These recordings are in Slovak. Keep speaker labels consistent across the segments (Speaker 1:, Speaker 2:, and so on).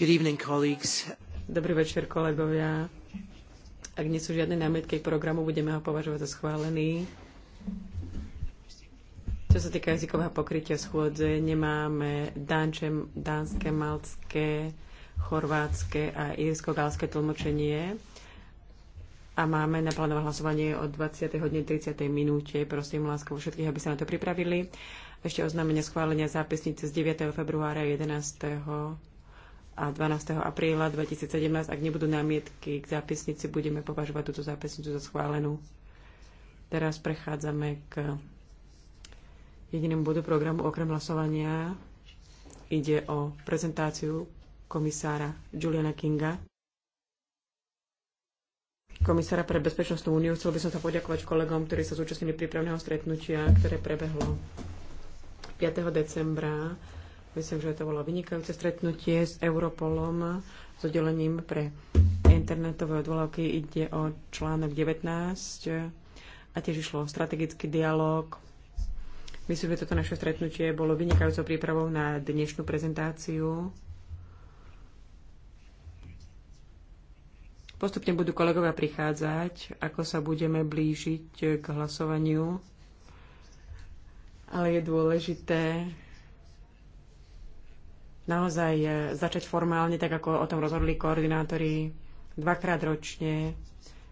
Speaker 1: Evening,
Speaker 2: Dobrý večer, kolegovia. Ak nie sú žiadne námietky k programu, budeme ho považovať za schválený. Čo sa týka jazykového pokrytia schôdze, nemáme dánče, dánske, malcké, chorvátske a írsko-gálske tlmočenie. A máme naplánované hlasovanie o 20. hodine 30. minúte. Prosím láskavo všetkých, aby sa na to pripravili. Ešte oznámenie schválenia zápisnice z 9. februára 11. a 12. apríla 2017. Ak nebudú námietky k zápisnici, budeme považovať túto zápisnicu za schválenú. Teraz prechádzame k jedinému bodu programu okrem hlasovania. Ide o prezentáciu komisára Juliana Kinga komisára pre bezpečnostnú úniu. Chcel by som sa poďakovať kolegom, ktorí sa zúčastnili prípravného stretnutia, ktoré prebehlo 5. decembra. Myslím, že to bolo vynikajúce stretnutie s Europolom, s oddelením pre internetové odvolávky. Ide o článok 19 a tiež išlo o strategický dialog. Myslím, že toto naše stretnutie bolo vynikajúcou prípravou na dnešnú prezentáciu. Postupne budú kolegovia prichádzať, ako sa budeme blížiť k hlasovaniu ale je dôležité naozaj eh, začať formálne, tak ako o tom rozhodli koordinátori. Dvakrát ročne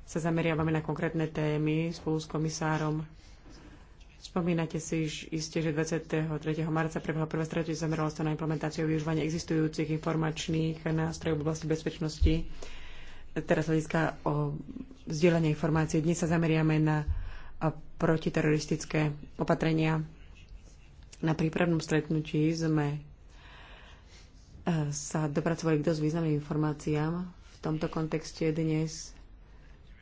Speaker 2: sa zameriavame na konkrétne témy spolu s komisárom. Spomínate si iste, že 23. marca prebehlo prvé stretnutie zameralo sa na implementáciu a využívanie existujúcich informačných nástrojov v oblasti bezpečnosti. Teraz hľadiska o vzdielanie informácií. Dnes sa zameriame na protiteroristické opatrenia na prípravnom stretnutí sme e, sa dopracovali k dosť významným informáciám. V tomto kontexte dnes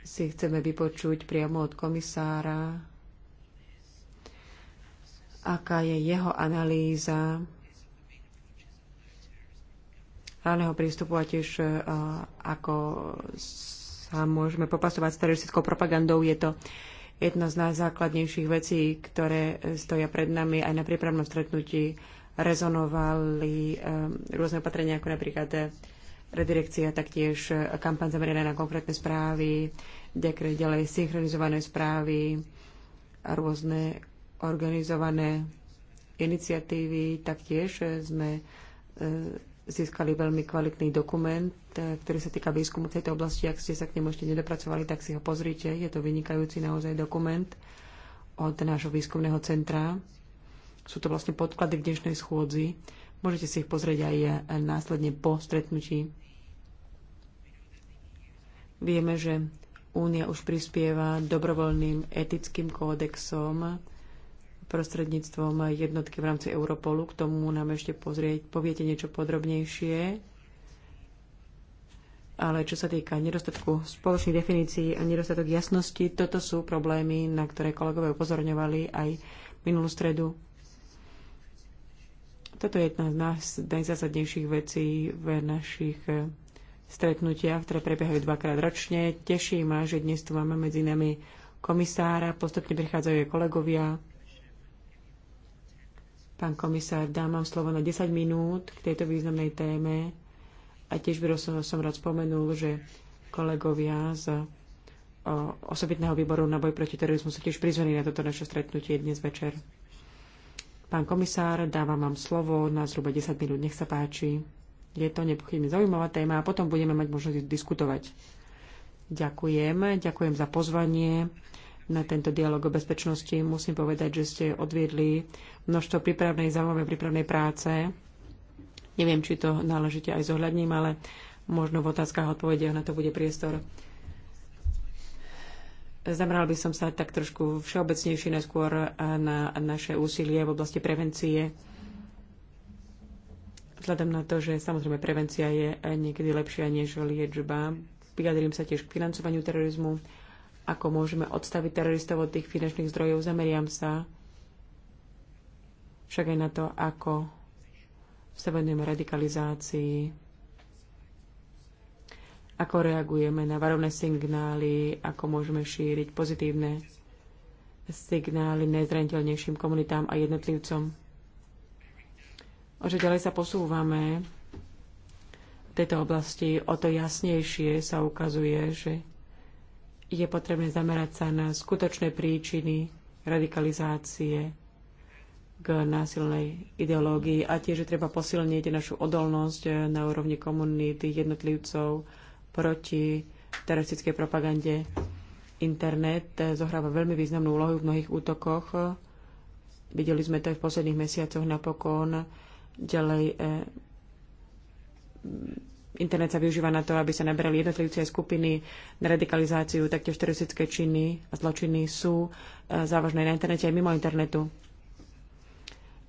Speaker 2: si chceme vypočuť priamo od komisára, aká je jeho analýza hlavného prístupu a tiež e, ako sa môžeme popasovať s teroristickou propagandou. Je to jedna z najzákladnejších vecí, ktoré stoja pred nami aj na prípravnom stretnutí, rezonovali ehm, rôzne opatrenia, ako napríklad redirekcia, taktiež kampaň zameraná na konkrétne správy, ďalej synchronizované správy, rôzne organizované iniciatívy. Taktiež sme ehm, získali veľmi kvalitný dokument, e, ktorý sa týka výskumu tejto oblasti. Ak ste sa k nemu ešte nedopracovali, tak si ho pozrite. Je to vynikajúci naozaj dokument od nášho výskumného centra. Sú to vlastne podklady k dnešnej schôdzi. Môžete si ich pozrieť aj e, následne po stretnutí. Vieme, že Únia už prispieva dobrovoľným etickým kódexom prostredníctvom jednotky v rámci Europolu. K tomu nám ešte pozrieť, poviete niečo podrobnejšie. Ale čo sa týka nedostatku spoločných definícií a nedostatok jasnosti, toto sú problémy, na ktoré kolegové upozorňovali aj minulú stredu. Toto je jedna z najzásadnejších vecí v našich eh, stretnutiach, ktoré prebiehajú dvakrát ročne. Teší ma, že dnes tu máme medzi nami komisára, postupne prichádzajú aj kolegovia. Pán komisár, dám vám slovo na 10 minút k tejto významnej téme a tiež by som, som rád spomenul, že kolegovia z osobitného výboru na boj proti terorizmu sú tiež prizvaní na toto naše stretnutie dnes večer. Pán komisár, dávam vám slovo na zhruba 10 minút. Nech sa páči. Je to nepochybne zaujímavá téma a potom budeme mať možnosť diskutovať. Ďakujem. Ďakujem za pozvanie na tento dialog o bezpečnosti. Musím povedať, že ste odviedli množstvo prípravnej, zaujímavej prípravnej práce. Neviem, či to náležite aj zohľadním, ale možno v otázkach a odpovediach na to bude priestor. Zameral by som sa tak trošku všeobecnejšie neskôr na naše úsilie v oblasti prevencie. Vzhľadom na to, že samozrejme prevencia je niekedy lepšia než liečba. Vyjadrím sa tiež k financovaniu terorizmu ako môžeme odstaviť teroristov od tých finančných zdrojov. Zameriam sa však aj na to, ako sa venujeme radikalizácii, ako reagujeme na varovné signály, ako môžeme šíriť pozitívne signály najzraniteľnejším komunitám a jednotlivcom. Ože že ďalej sa posúvame v tejto oblasti, o to jasnejšie sa ukazuje, že je potrebné zamerať sa na skutočné príčiny radikalizácie k násilnej ideológii a tiež že treba posilniť našu odolnosť na úrovni komunity jednotlivcov proti teroristickej propagande. Internet zohráva veľmi významnú úlohu v mnohých útokoch. Videli sme to aj v posledných mesiacoch napokon. Ďalej eh, internet sa využíva na to, aby sa nabrali jednotlivci skupiny na radikalizáciu, taktiež teroristické činy a zločiny sú eh, závažné na internete aj mimo internetu.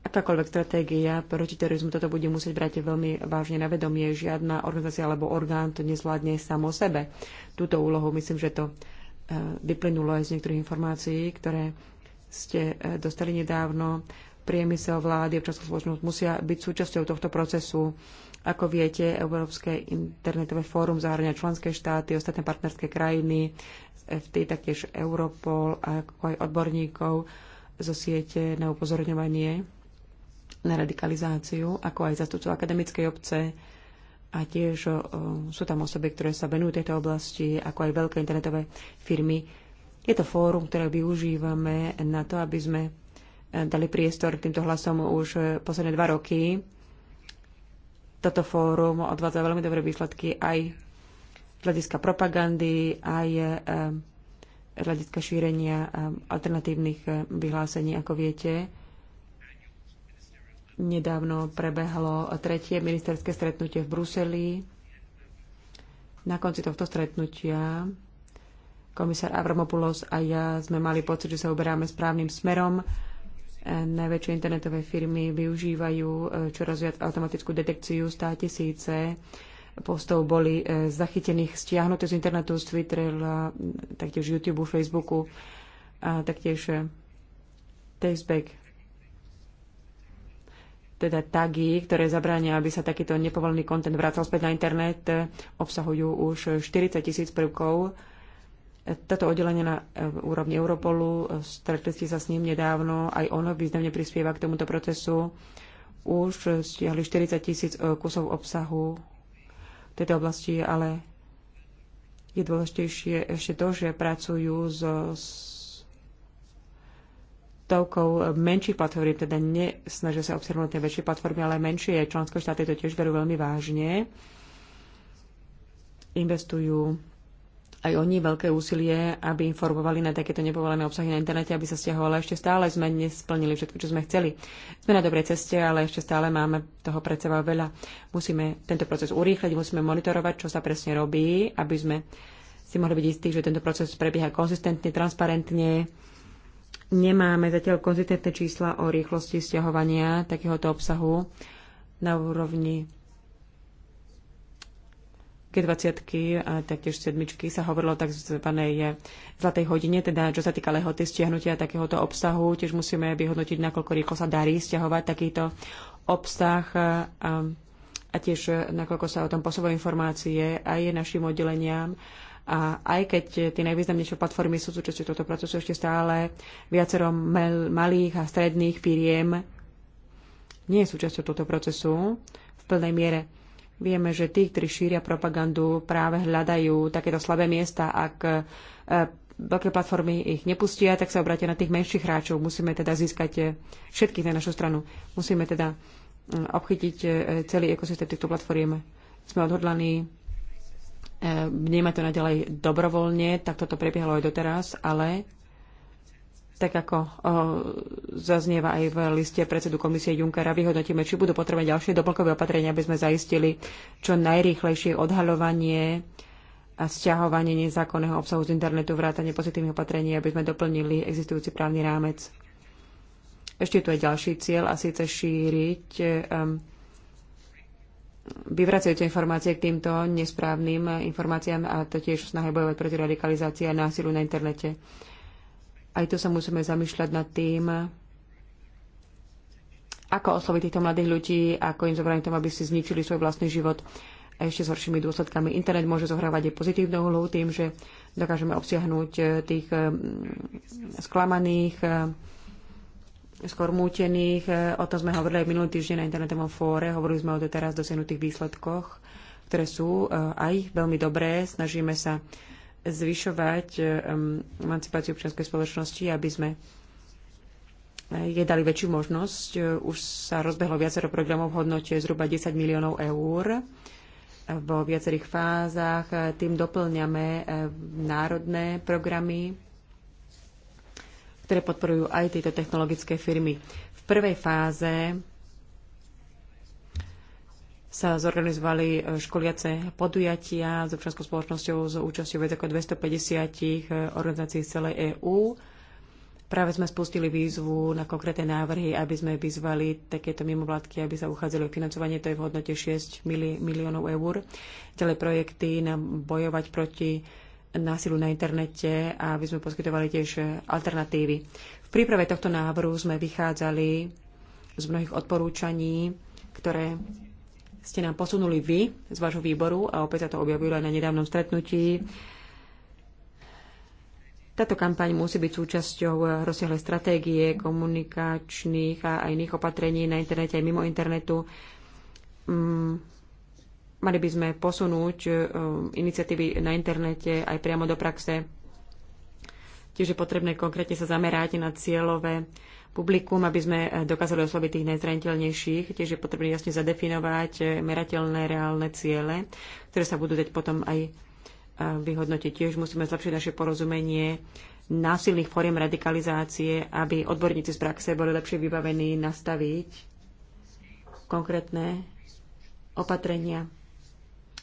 Speaker 2: Akákoľvek stratégia proti terorizmu toto bude musieť brať veľmi vážne na vedomie. Žiadna organizácia alebo orgán to nezvládne samo sebe. Túto úlohu myslím, že to eh, vyplynulo aj z niektorých informácií, ktoré ste eh, dostali nedávno. Priemysel vlády, občanskú spoločnosť musia byť súčasťou tohto procesu ako viete, Európske internetové fórum zahrania členské štáty, ostatné partnerské krajiny, FT, taktiež Europol, ako aj odborníkov zo siete na upozorňovanie na radikalizáciu, ako aj zastupcov akademickej obce. A tiež o, sú tam osoby, ktoré sa venujú tejto oblasti, ako aj veľké internetové firmy. Je to fórum, ktoré využívame na to, aby sme e, dali priestor k týmto hlasom už e, posledné dva roky toto fórum odvádza veľmi dobré výsledky aj z hľadiska propagandy, aj eh, z hľadiska šírenia eh, alternatívnych eh, vyhlásení, ako viete. Nedávno prebehlo tretie ministerské stretnutie v Bruseli. Na konci tohto stretnutia komisár Avramopoulos a ja sme mali pocit, že sa uberáme správnym smerom Najväčšie internetové firmy využívajú e, čoraz viac automatickú detekciu. 100 tisíce postov boli e, zachytených, stiahnuté z internetu, z Twittera, taktiež YouTube, Facebooku a taktiež e, Tasteback. Teda tagy, ktoré zabránia, aby sa takýto nepovolený kontent vracal späť na internet, obsahujú už 40 tisíc prvkov toto oddelenie na e, úrovni Europolu, e, stretli ste sa s ním nedávno, aj ono významne prispieva k tomuto procesu. Už stiahli 40 tisíc e, kusov obsahu v tejto oblasti, ale je dôležitejšie ešte to, že pracujú so toľkou menších platform, teda nesnažia sa obsahovať tie väčšie platformy, ale menšie členské štáty to tiež berú veľmi vážne. Investujú aj oni veľké úsilie, aby informovali na takéto nepovolené obsahy na internete, aby sa stiahovali Ešte stále sme nesplnili všetko, čo sme chceli. Sme na dobrej ceste, ale ešte stále máme toho pred seba veľa. Musíme tento proces urýchliť, musíme monitorovať, čo sa presne robí, aby sme si mohli byť istí, že tento proces prebieha konzistentne, transparentne. Nemáme zatiaľ konzistentné čísla o rýchlosti stiahovania takéhoto obsahu na úrovni 20 a taktiež sedmičky sa hovorilo o tzv. zlatej hodine, teda čo sa týka lehoty stiahnutia takéhoto obsahu, tiež musíme vyhodnotiť, nakoľko rýchlo sa darí stiahovať takýto obsah a, a tiež nakoľko sa o tom posúvajú informácie aj našim oddeleniam. A aj keď tie najvýznamnejšie platformy sú súčasťou tohto procesu ešte stále viacero mal, malých a stredných firiem nie je súčasťou tohto procesu v plnej miere. Vieme, že tí, ktorí šíria propagandu, práve hľadajú takéto slabé miesta. Ak e, veľké platformy ich nepustia, tak sa obrátia na tých menších hráčov. Musíme teda získať e, všetkých na našu stranu. Musíme teda e, obchytiť celý ekosystém týchto platformiem. Sme odhodlaní vnímať to naďalej dobrovoľne, tak toto prebiehalo aj doteraz, ale tak ako o, zaznieva aj v liste predsedu komisie Junckera, vyhodnotíme, či budú potrebné ďalšie doplnkové opatrenia, aby sme zaistili čo najrýchlejšie odhaľovanie a stiahovanie nezákonného obsahu z internetu, vrátanie pozitívnych opatrení, aby sme doplnili existujúci právny rámec. Ešte tu je ďalší cieľ a síce šíriť um, vyvracajúce informácie k týmto nesprávnym informáciám a to tiež snahe bojovať proti radikalizácii a násilu na internete. Uh, aj tu sa musíme zamýšľať nad tým, ako osloviť týchto mladých ľudí, ako im zabrániť tomu, aby si zničili svoj vlastný život a ešte s horšími dôsledkami. Internet môže zohrávať aj pozitívnu úlohu tým, že dokážeme obsiahnuť e, tých e, sklamaných, e, skôr mútených. O tom sme hovorili aj minulý týždeň na internetovom fóre. Hovorili sme o teraz dosiahnutých výsledkoch, ktoré sú aj veľmi dobré. Snažíme sa zvyšovať um, emancipáciu občianskej spoločnosti, aby sme eh, je dali väčšiu možnosť. Eh, už sa rozbehlo viacero programov v hodnote zhruba 10 miliónov eur eh, vo viacerých fázach. Tým doplňame národné programy, ktoré podporujú aj tieto technologické firmy. V prvej fáze sa zorganizovali e, školiace podujatia s občanskou spoločnosťou s účasťou viac ako 250 e, organizácií z celej EÚ. Práve sme spustili výzvu na konkrétne návrhy, aby sme vyzvali takéto mimovládky, aby sa uchádzali o financovanie, to je v hodnote 6 mili- miliónov eur. tele projekty na bojovať proti násilu na internete a aby sme poskytovali tiež alternatívy. V príprave tohto návrhu sme vychádzali z mnohých odporúčaní, ktoré ste nám posunuli vy z vášho výboru a opäť sa to objavilo aj na nedávnom stretnutí. Táto kampaň musí byť súčasťou rozsiahlej stratégie komunikačných a aj iných opatrení na internete aj mimo internetu. Mm, mali by sme posunúť e, iniciatívy na internete aj priamo do praxe. Tiež je potrebné konkrétne sa zamerať na cieľové publikum, aby sme eh, dokázali osloviť tých najzraniteľnejších. Tiež je potrebné jasne zadefinovať eh, merateľné, reálne ciele, ktoré sa budú dať potom aj eh, vyhodnotiť. Tiež musíme zlepšiť naše porozumenie násilných fóriem radikalizácie, aby odborníci z praxe boli lepšie vybavení nastaviť konkrétne opatrenia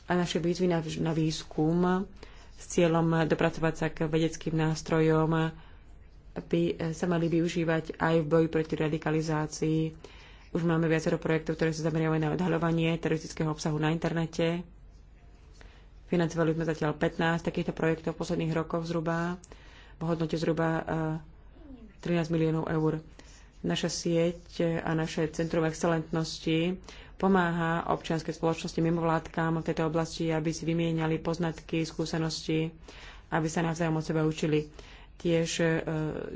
Speaker 2: a naše výzvy na, výskum s cieľom dopracovať sa k vedeckým nástrojom, by sa mali využívať aj v boji proti radikalizácii. Už máme viacero projektov, ktoré sa zameriavajú na odhaľovanie teroristického obsahu na internete. Financovali sme zatiaľ 15 takýchto projektov v posledných rokoch zhruba, v hodnote zhruba 13 eh, miliónov eur. Naša sieť a naše Centrum excelentnosti pomáha občianskej spoločnosti mimovládkám v tejto oblasti, aby si vymieniali poznatky, skúsenosti, aby sa navzájom od seba učili. Tiež e,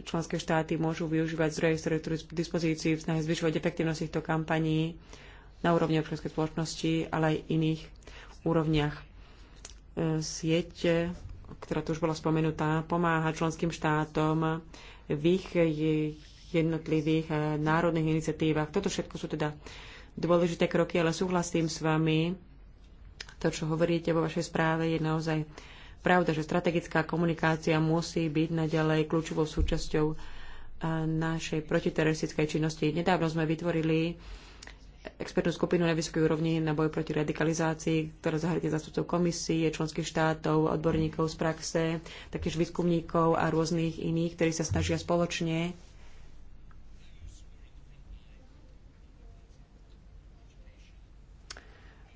Speaker 2: členské štáty môžu využívať zdroje, ktoré sú k dispozícii v snahe zvyšovať efektivnosť týchto kampaní na úrovni občianskej spoločnosti, ale aj iných úrovniach. E, sieť, ktorá tu už bola spomenutá, pomáha členským štátom v ich jednotlivých e, národných iniciatívach. Toto všetko sú teda dôležité kroky, ale súhlasím s vami. To, čo hovoríte vo vašej správe, je naozaj pravda, že strategická komunikácia musí byť naďalej kľúčovou súčasťou eh, našej protiteroristickej činnosti. Nedávno sme vytvorili expertnú skupinu na vysokej úrovni na boj proti radikalizácii, ktorá zahrňa zastupcov komisie, členských štátov, odborníkov z praxe, taktiež výskumníkov a rôznych iných, ktorí sa snažia spoločne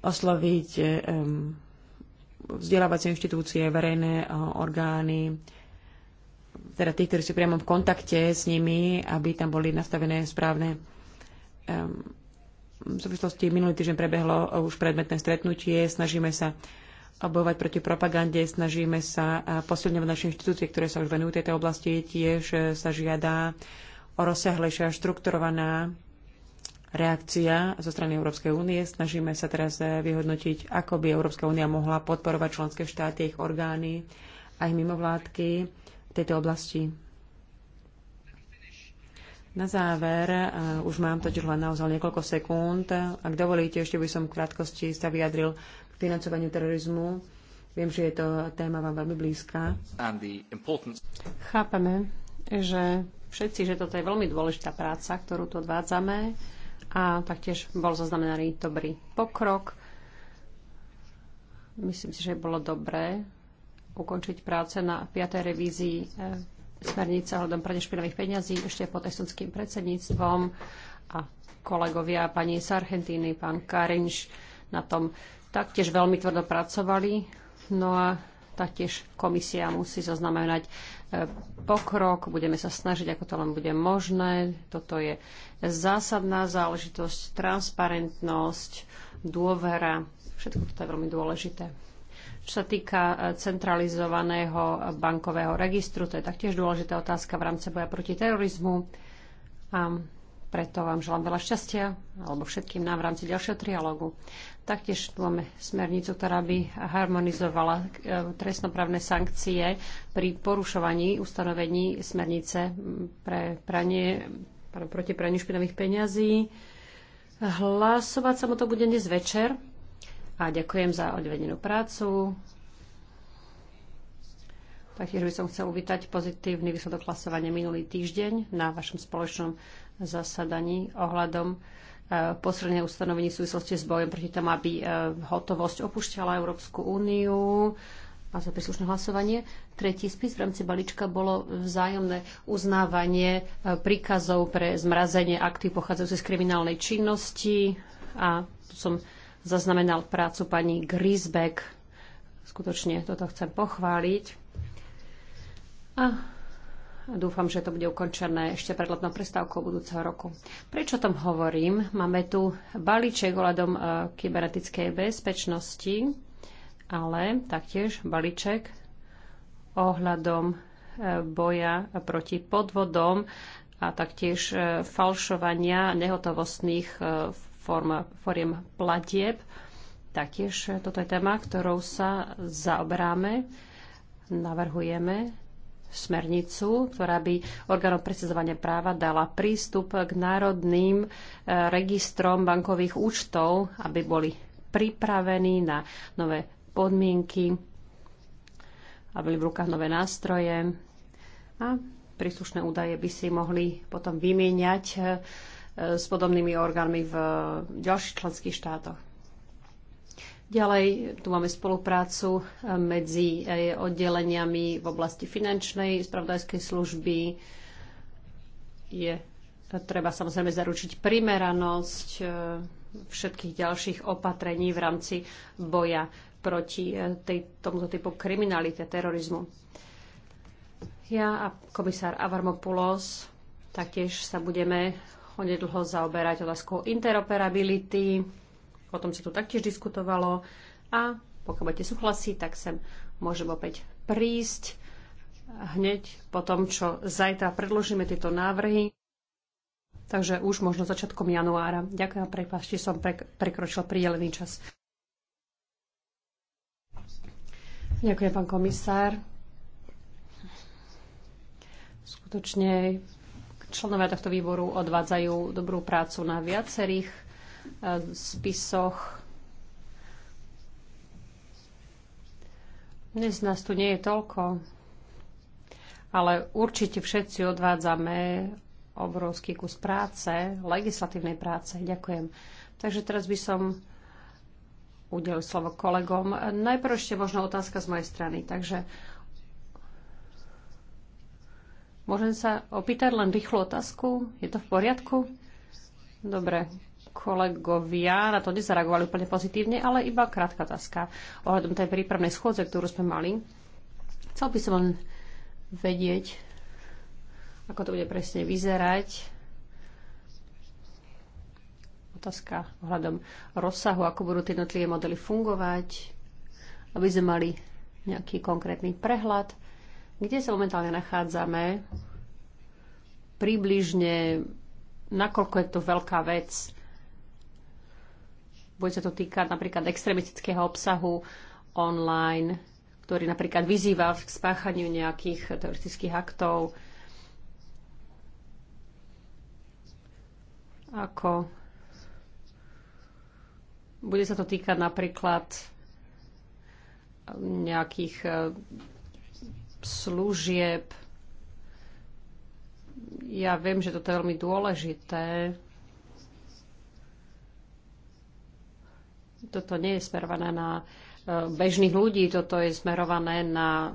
Speaker 2: osloviť um, vzdelávacie inštitúcie, verejné eh, orgány, teda tí, ktorí sú priamo v kontakte s nimi, aby tam boli nastavené správne. Ehm, v súvislosti minulý týždeň prebehlo eh, už predmetné stretnutie, snažíme sa eh, bojovať proti propagande, snažíme sa posilňovať naše inštitúcie, ktoré sa už venujú tejto oblasti, tiež sa žiada o rozsiahlejšia štrukturovaná reakcia zo strany Európskej únie. Snažíme sa teraz eh, vyhodnotiť, ako by Európska únia mohla podporovať členské štáty, ich orgány, a ich mimovládky v tejto oblasti. Na záver, eh, už mám totiž len naozaj niekoľko sekúnd, ak dovolíte, ešte by som v krátkosti sa vyjadril k financovaniu terorizmu.
Speaker 3: Viem, že je to téma vám veľmi blízka. Chápeme, že všetci, že toto je veľmi dôležitá práca, ktorú tu odvádzame a taktiež bol zaznamenaný dobrý pokrok. Myslím si, že bolo dobré ukončiť práce na 5. revízii eh, smernice hľadom prania špinavých peňazí ešte pod estonským predsedníctvom a kolegovia pani Sargentiny, pán Karinš na tom taktiež veľmi tvrdo pracovali. No a taktiež komisia musí zaznamenať pokrok, budeme sa snažiť, ako to len bude možné. Toto je zásadná záležitosť, transparentnosť, dôvera. Všetko toto je veľmi dôležité. Čo sa týka e, centralizovaného bankového registru, to je taktiež dôležitá otázka v rámci boja proti terorizmu. A preto vám želám veľa šťastia, alebo všetkým nám v rámci ďalšieho trialógu. Taktiež tu máme smernicu, ktorá by harmonizovala e, trestnoprávne sankcie pri porušovaní ustanovení smernice pre pranie, proti praniu špinavých peňazí. Hlasovať sa mu to bude dnes večer a ďakujem za odvedenú prácu. Taktiež by som chcel uvítať pozitívny výsledok hlasovania minulý týždeň na vašom spoločnom zasadaní ohľadom e, posredné ustanovení v súvislosti s bojom proti tomu, aby e, hotovosť opúšťala Európsku úniu a za príslušné hlasovanie. Tretí spis v rámci balíčka bolo vzájomné uznávanie e, príkazov pre zmrazenie aktív pochádzajúcich z kriminálnej činnosti a tu som zaznamenal prácu pani Grisbeck. Skutočne toto chcem pochváliť. A Dúfam, že to bude ukončené ešte pred letnou prestávkou budúceho roku. Prečo tom hovorím? Máme tu balíček ohľadom e, kybernetickej bezpečnosti, ale taktiež balíček ohľadom e, boja proti podvodom a taktiež e, falšovania nehotovostných form, foriem platieb. Taktiež toto je téma, ktorou sa zaoberáme. Navrhujeme smernicu, ktorá by orgánom precizovania práva dala prístup k národným e, registrom bankových účtov, aby boli pripravení na nové podmienky, aby boli v rukách nové nástroje a príslušné údaje by si mohli potom vymieňať e, s podobnými orgánmi v ďalších členských štátoch. Ďalej tu máme spoluprácu eh, medzi eh, oddeleniami v oblasti finančnej spravodajskej služby. Je eh, treba samozrejme zaručiť primeranosť všetkých ďalších opatrení v rámci boja proti tej, tomuto typu kriminality a terorizmu. Ja a komisár Avarmopoulos taktiež sa budeme onedlho zaoberať otázkou interoperability O tom sa tu taktiež diskutovalo a pokiaľ budete súhlasí, tak sem môžem opäť prísť hneď po tom, čo zajtra predložíme tieto návrhy. Takže už možno začiatkom januára. Ďakujem, prepášte, som pre, prekročil prídelený čas. Ďakujem, pán komisár. Skutočne členovia tohto výboru odvádzajú dobrú prácu na viacerých spisoch. Dnes nás tu nie je toľko, ale určite všetci odvádzame obrovský kus práce, legislatívnej práce. Ďakujem. Takže teraz by som udelil slovo kolegom. Najprv ešte možno otázka z mojej strany. Takže môžem sa opýtať len rýchlu otázku? Je to v poriadku? Dobre, kolegovia na to nezareagovali úplne pozitívne, ale iba krátka otázka ohľadom tej prípravnej schôdze, ktorú sme mali. Chcel by som len vedieť, ako to bude presne vyzerať. Otázka ohľadom rozsahu, ako budú tie jednotlivé modely fungovať, aby sme mali nejaký konkrétny prehľad, kde sa momentálne nachádzame, približne, nakoľko je to veľká vec, bude sa to týkať napríklad extremistického obsahu online, ktorý napríklad vyzýva k spáchaniu nejakých teroristických aktov. Ako bude sa to týkať napríklad nejakých e, služieb. Ja viem, že toto je veľmi dôležité, toto nie je smerované na e, bežných ľudí, toto je smerované na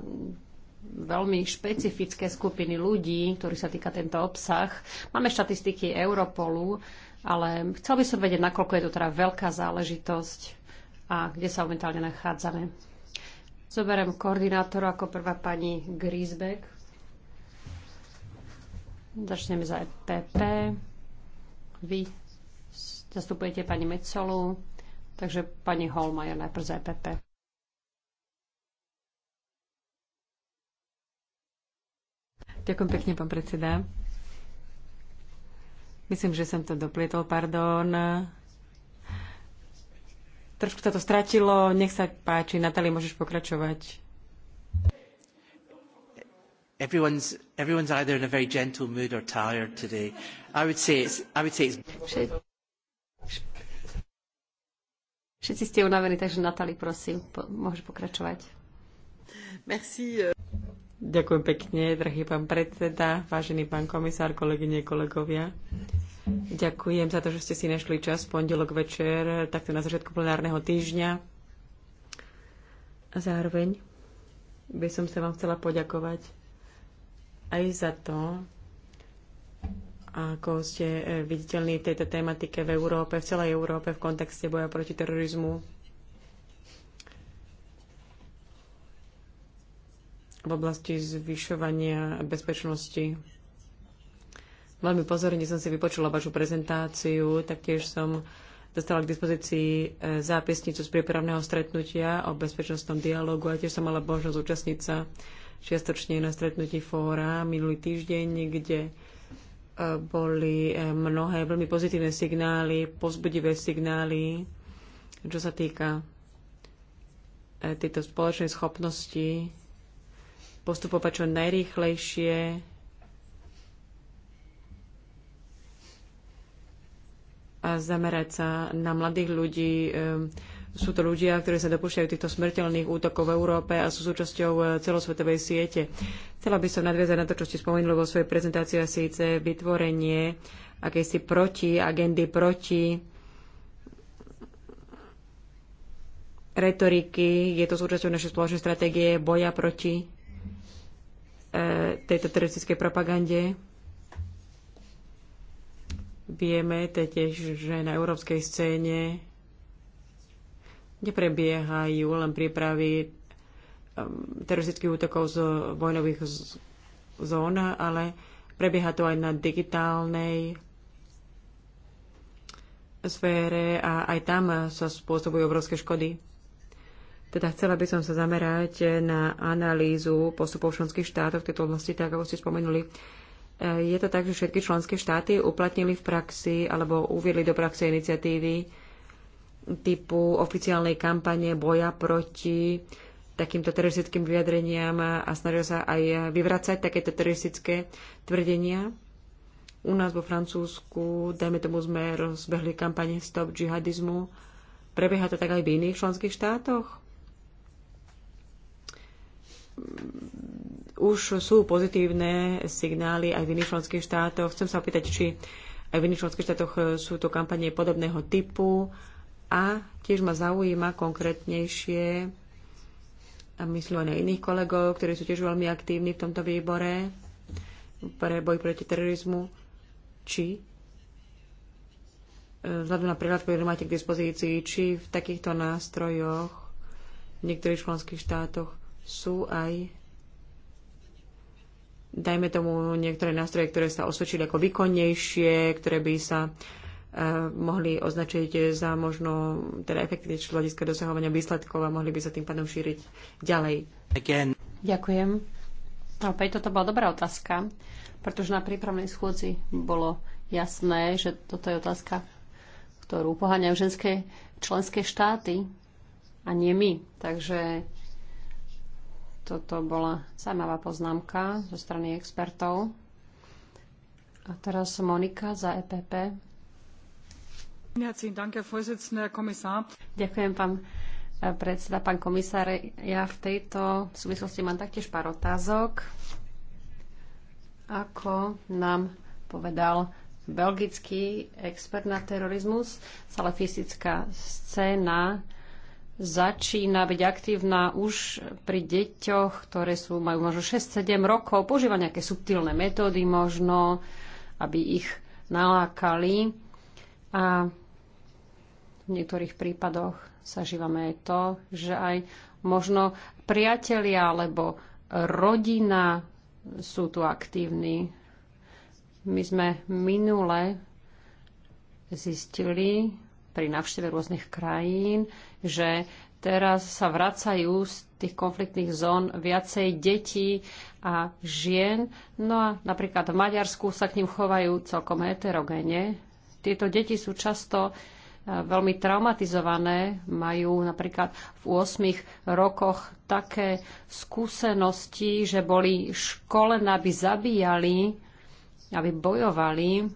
Speaker 3: veľmi špecifické skupiny ľudí, ktorí sa týka tento obsah. Máme štatistiky Europolu, ale chcel by som vedieť, nakoľko je to teda veľká záležitosť a kde sa momentálne nachádzame. Zoberiem koordinátora ako prvá pani Griesbeck. Začneme za EPP. Vy zastupujete pani Mecolu. Takže pani Holmajer najprv z EPP.
Speaker 2: Ďakujem pekne, pán predseda. Myslím, že som to doplietol, pardon. Trošku sa to stratilo. Nech sa páči. Natali, môžeš pokračovať.
Speaker 1: Everyone's, everyone's either in a very gentle mood or tired today. I would say it's, I would say it's...
Speaker 3: Všetci ste unavení, takže Natali, prosím, po, môže pokračovať.
Speaker 2: Merci. Eh. Ďakujem pekne, drahý pán predseda, vážený pán komisár, kolegyne, kolegovia. Ďakujem za to, že ste si našli čas v pondelok večer, takto na začiatku plenárneho týždňa. A zároveň by som sa vám chcela poďakovať aj za to, ako ste e, viditeľní v tejto tematike v Európe, v celej Európe v kontexte boja proti terorizmu. v oblasti zvyšovania bezpečnosti. Veľmi pozorne som si vypočula vašu prezentáciu, taktiež som dostala k dispozícii e, zápisnicu z prípravného stretnutia o bezpečnostnom dialogu a tiež som mala možnosť účastniť sa čiastočne na stretnutí fóra minulý týždeň, kde boli eh, mnohé veľmi pozitívne signály, pozbudivé signály, čo sa týka eh, tejto spoločnej schopnosti postupovať čo najrýchlejšie, a zamerať sa na mladých ľudí, eh, sú to ľudia, ktorí sa dopúšťajú týchto smrteľných útokov v Európe a sú súčasťou e, celosvetovej siete. Chcela by som nadviazať na to, čo ste spomenuli vo svojej prezentácii, a síce vytvorenie akejsi proti, agendy proti retoriky. Je to súčasťou našej spoločnej stratégie boja proti e, tejto teroristickej propagande. Vieme taktiež, že na európskej scéne neprebiehajú len prípravy um, teroristických útokov z vojnových zón, ale prebieha to aj na digitálnej sfére a aj tam sa spôsobujú obrovské škody. Teda chcela by som sa zamerať na analýzu postupov členských štátov v tejto oblasti, tak ako ste spomenuli. E, je to tak, že všetky členské štáty uplatnili v praxi alebo uviedli do praxe iniciatívy, typu oficiálnej kampane boja proti takýmto teroristickým vyjadreniam a snažil sa aj vyvracať takéto teroristické tvrdenia. U nás vo Francúzsku, dajme tomu, sme rozbehli kampane Stop džihadizmu. Prebieha to tak aj v iných členských štátoch? Už sú pozitívne signály aj v iných členských štátoch. Chcem sa opýtať, či aj v iných členských štátoch sú to kampanie podobného typu a tiež ma zaujíma konkrétnejšie a myslím aj na iných kolegov, ktorí sú tiež veľmi aktívni v tomto výbore pre boj proti terorizmu, či e, vzhľadom na prehľad, ktorý máte k dispozícii, či v takýchto nástrojoch v niektorých členských štátoch sú aj dajme tomu niektoré nástroje, ktoré sa osvedčili ako výkonnejšie, ktoré by sa mohli označiť za možno teda efektívnejšie hľadiska dosahovania výsledkov a mohli by sa tým pádom šíriť ďalej. Again.
Speaker 3: Ďakujem. No, opäť toto bola dobrá otázka, pretože na prípravnej schôdzi bolo jasné, že toto je otázka, ktorú poháňajú ženské členské štáty a nie my. Takže toto bola zaujímavá poznámka zo strany expertov. A teraz Monika za EPP. Ďakujem, pán eh, predseda, pán komisár. Ja v tejto súvislosti mám taktiež pár otázok. Ako nám povedal belgický expert na terorizmus, salafistická scéna začína byť aktívna už pri deťoch, ktoré sú, majú možno 6-7 rokov, používa nejaké subtilné metódy možno, aby ich nalákali. A v niektorých prípadoch zažívame aj to, že aj možno priatelia alebo rodina sú tu aktívni. My sme minule zistili pri navšteve rôznych krajín, že teraz sa vracajú z tých konfliktných zón viacej detí a žien. No a napríklad v Maďarsku sa k ním chovajú celkom heterogéne. Tieto deti sú často uh, veľmi traumatizované, majú napríklad v 8 rokoch také skúsenosti, že boli školené, aby zabíjali, aby bojovali.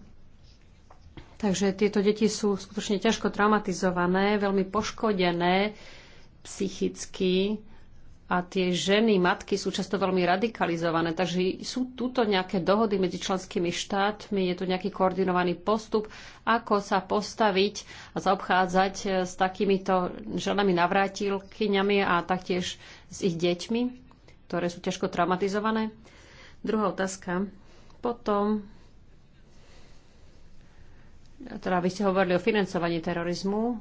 Speaker 3: Takže tieto deti sú skutočne ťažko traumatizované, veľmi poškodené psychicky a tie ženy, matky sú často veľmi radikalizované, takže sú tuto nejaké dohody medzi členskými štátmi, je tu nejaký koordinovaný postup, ako sa postaviť a zaobchádzať eh, s takýmito ženami navrátilkyňami a taktiež s ich deťmi, ktoré sú ťažko traumatizované. Druhá otázka. Potom, teda vy ste hovorili o financovaní terorizmu,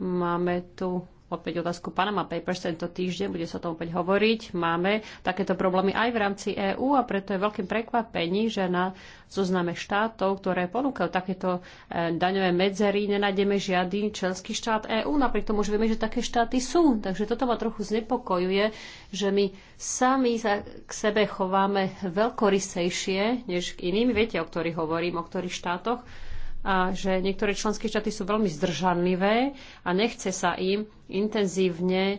Speaker 3: máme tu opäť otázku Panama Papers tento týždeň, bude sa o tom opäť hovoriť. Máme takéto problémy aj v rámci EÚ a preto je veľkým prekvapením, že na zozname štátov, ktoré ponúkajú takéto e, daňové medzery, nenájdeme žiadny členský štát EÚ, napriek tomu, že vieme, že také štáty sú. Takže toto ma trochu znepokojuje, že my sami sa k sebe chováme veľkorysejšie než k iným. Viete, o ktorých hovorím, o ktorých štátoch a že niektoré členské štáty sú veľmi zdržanlivé a nechce sa im intenzívne e,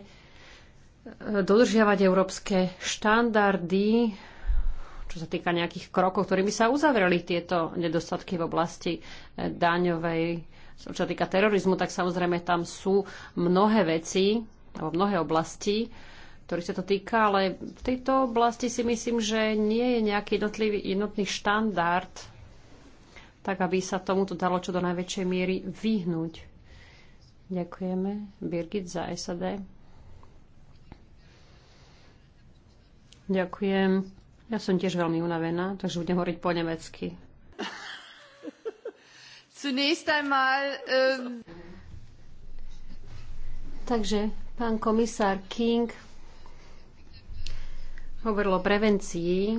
Speaker 3: dodržiavať európske štandardy, čo sa týka nejakých krokov, ktorými sa uzavreli tieto nedostatky v oblasti e, daňovej. Čo sa týka terorizmu, tak samozrejme tam sú mnohé veci, alebo mnohé oblasti, ktorých sa to týka, ale v tejto oblasti si myslím, že nie je nejaký jednotlivý, jednotný štandard tak aby sa tomuto dalo čo do najväčšej miery vyhnúť. Ďakujeme. Birgit za SAD. Ďakujem. Ja som tiež veľmi unavená, takže budem hovoriť po nemecky.
Speaker 4: Zunächst einmal, ähm,
Speaker 3: Takže pán komisár King hovoril o prevencii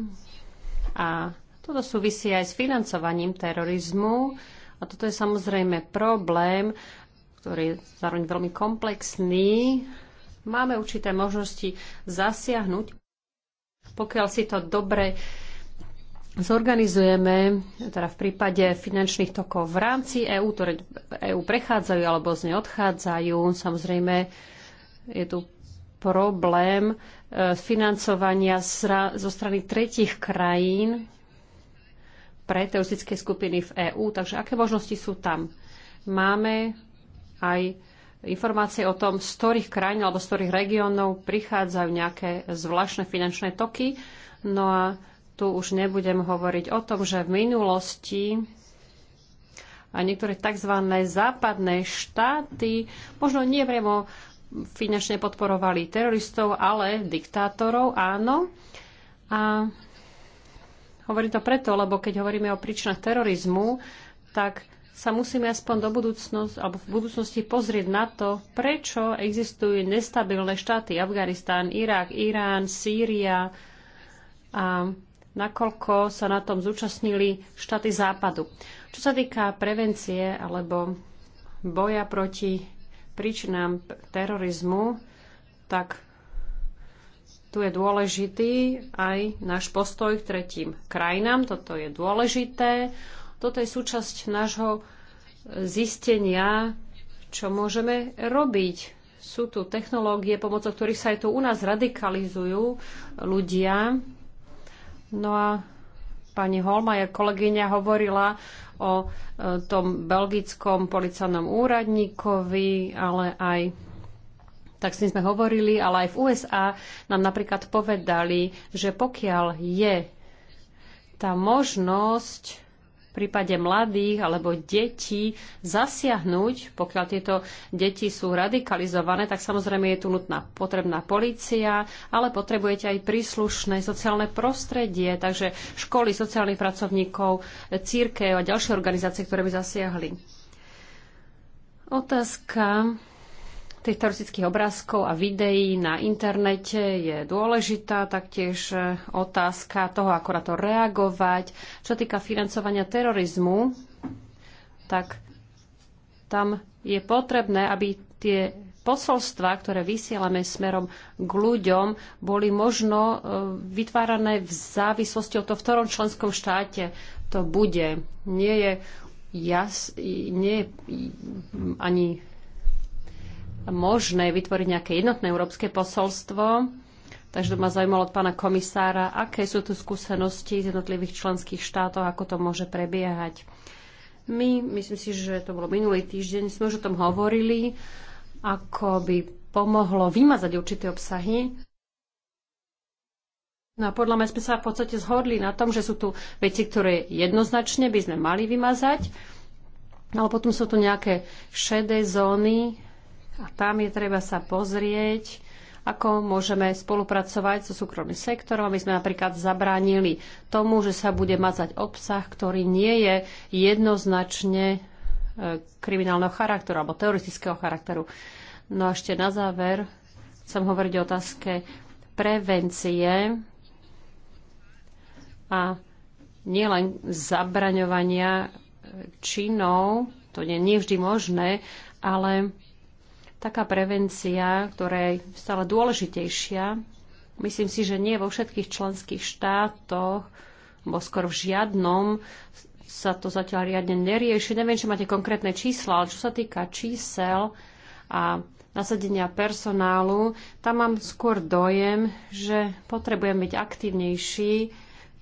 Speaker 3: a toto súvisí aj s financovaním terorizmu a toto je samozrejme problém, ktorý je zároveň veľmi komplexný. Máme určité možnosti zasiahnuť, pokiaľ si to dobre zorganizujeme, teda v prípade finančných tokov v rámci EÚ, ktoré EÚ prechádzajú alebo z nej odchádzajú. Samozrejme, je tu problém e, financovania zo strany tretich krajín, pre teroristické skupiny v EÚ. Takže aké možnosti sú tam? Máme aj informácie o tom, z ktorých krajín alebo z ktorých regiónov prichádzajú nejaké zvláštne finančné toky. No a tu už nebudem hovoriť o tom, že v minulosti a niektoré tzv. západné štáty možno nie priamo finančne podporovali teroristov, ale diktátorov, áno. A Hovorím to preto, lebo keď hovoríme o príčinách terorizmu, tak sa musíme aspoň do budúcnosti, alebo v budúcnosti pozrieť na to, prečo existujú nestabilné štáty Afganistán, Irak, Irán, Sýria a nakoľko sa na tom zúčastnili štáty západu. Čo sa týka prevencie alebo boja proti príčinám terorizmu, tak tu je dôležitý aj náš postoj k tretím krajinám. Toto je dôležité. Toto je súčasť nášho zistenia, čo môžeme robiť. Sú tu technológie, pomocou ktorých sa aj tu u nás radikalizujú ľudia. No a pani Holmaja kolegyňa, hovorila o e, tom belgickom policajnom úradníkovi, ale aj tak s ním sme hovorili, ale aj v USA nám napríklad povedali, že pokiaľ je tá možnosť v prípade mladých alebo detí zasiahnuť, pokiaľ tieto deti sú radikalizované, tak samozrejme je tu nutná potrebná polícia, ale potrebujete aj príslušné sociálne prostredie, takže školy sociálnych pracovníkov, církev a ďalšie organizácie, ktoré by zasiahli. Otázka tých teroristických obrázkov a videí na internete je dôležitá, taktiež e, otázka toho, ako na to reagovať. Čo týka financovania terorizmu, tak tam je potrebné, aby tie posolstva, ktoré vysielame smerom k ľuďom, boli možno e, vytvárané v závislosti od toho, v ktorom členskom štáte to bude. Nie je, jas, nie je ani možné vytvoriť nejaké jednotné európske posolstvo. Takže to ma zaujímalo od pána komisára, aké sú tu skúsenosti z jednotlivých členských štátov, ako to môže prebiehať. My, myslím si, že to bolo minulý týždeň, sme už o tom hovorili, ako by pomohlo vymazať určité obsahy. No a podľa mňa sme sa v podstate zhodli na tom, že sú tu veci, ktoré jednoznačne by sme mali vymazať, ale potom sú tu nejaké šedé zóny, a tam je treba sa pozrieť, ako môžeme spolupracovať so súkromným sektorom, aby sme napríklad zabránili tomu, že sa bude mazať obsah, ktorý nie je jednoznačne e, kriminálneho charakteru alebo teoretického charakteru. No a ešte na záver chcem hovoriť o otázke prevencie a nielen zabraňovania e, činov, to nie, je vždy možné, ale taká prevencia, ktorá je stále dôležitejšia. Myslím si, že nie vo všetkých členských štátoch, bo skôr v žiadnom, sa to zatiaľ riadne nerieši. Neviem, či máte konkrétne čísla, ale čo sa týka čísel a nasadenia personálu, tam mám skôr dojem, že potrebujem byť aktívnejší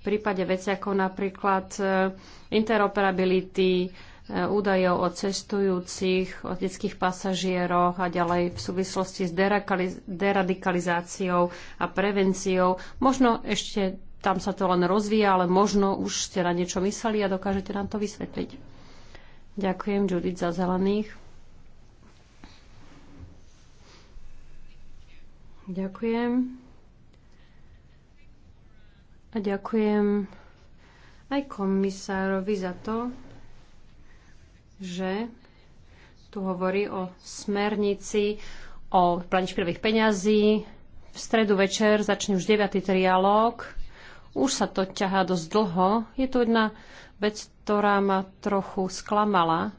Speaker 3: v prípade veci ako napríklad eh, interoperability, údajov o cestujúcich, o detských pasažieroch a ďalej v súvislosti s deradikalizáciou a prevenciou. Možno ešte tam sa to len rozvíja, ale možno už ste na niečo mysleli a dokážete nám to vysvetliť. Ďakujem, Judith, za zelených. Ďakujem. A ďakujem aj komisárovi za to, že tu hovorí o smernici o planí prvých peňazí. V stredu večer začne už 9. trialóg. Už sa to ťahá dosť dlho. Je to jedna vec, ktorá ma trochu sklamala.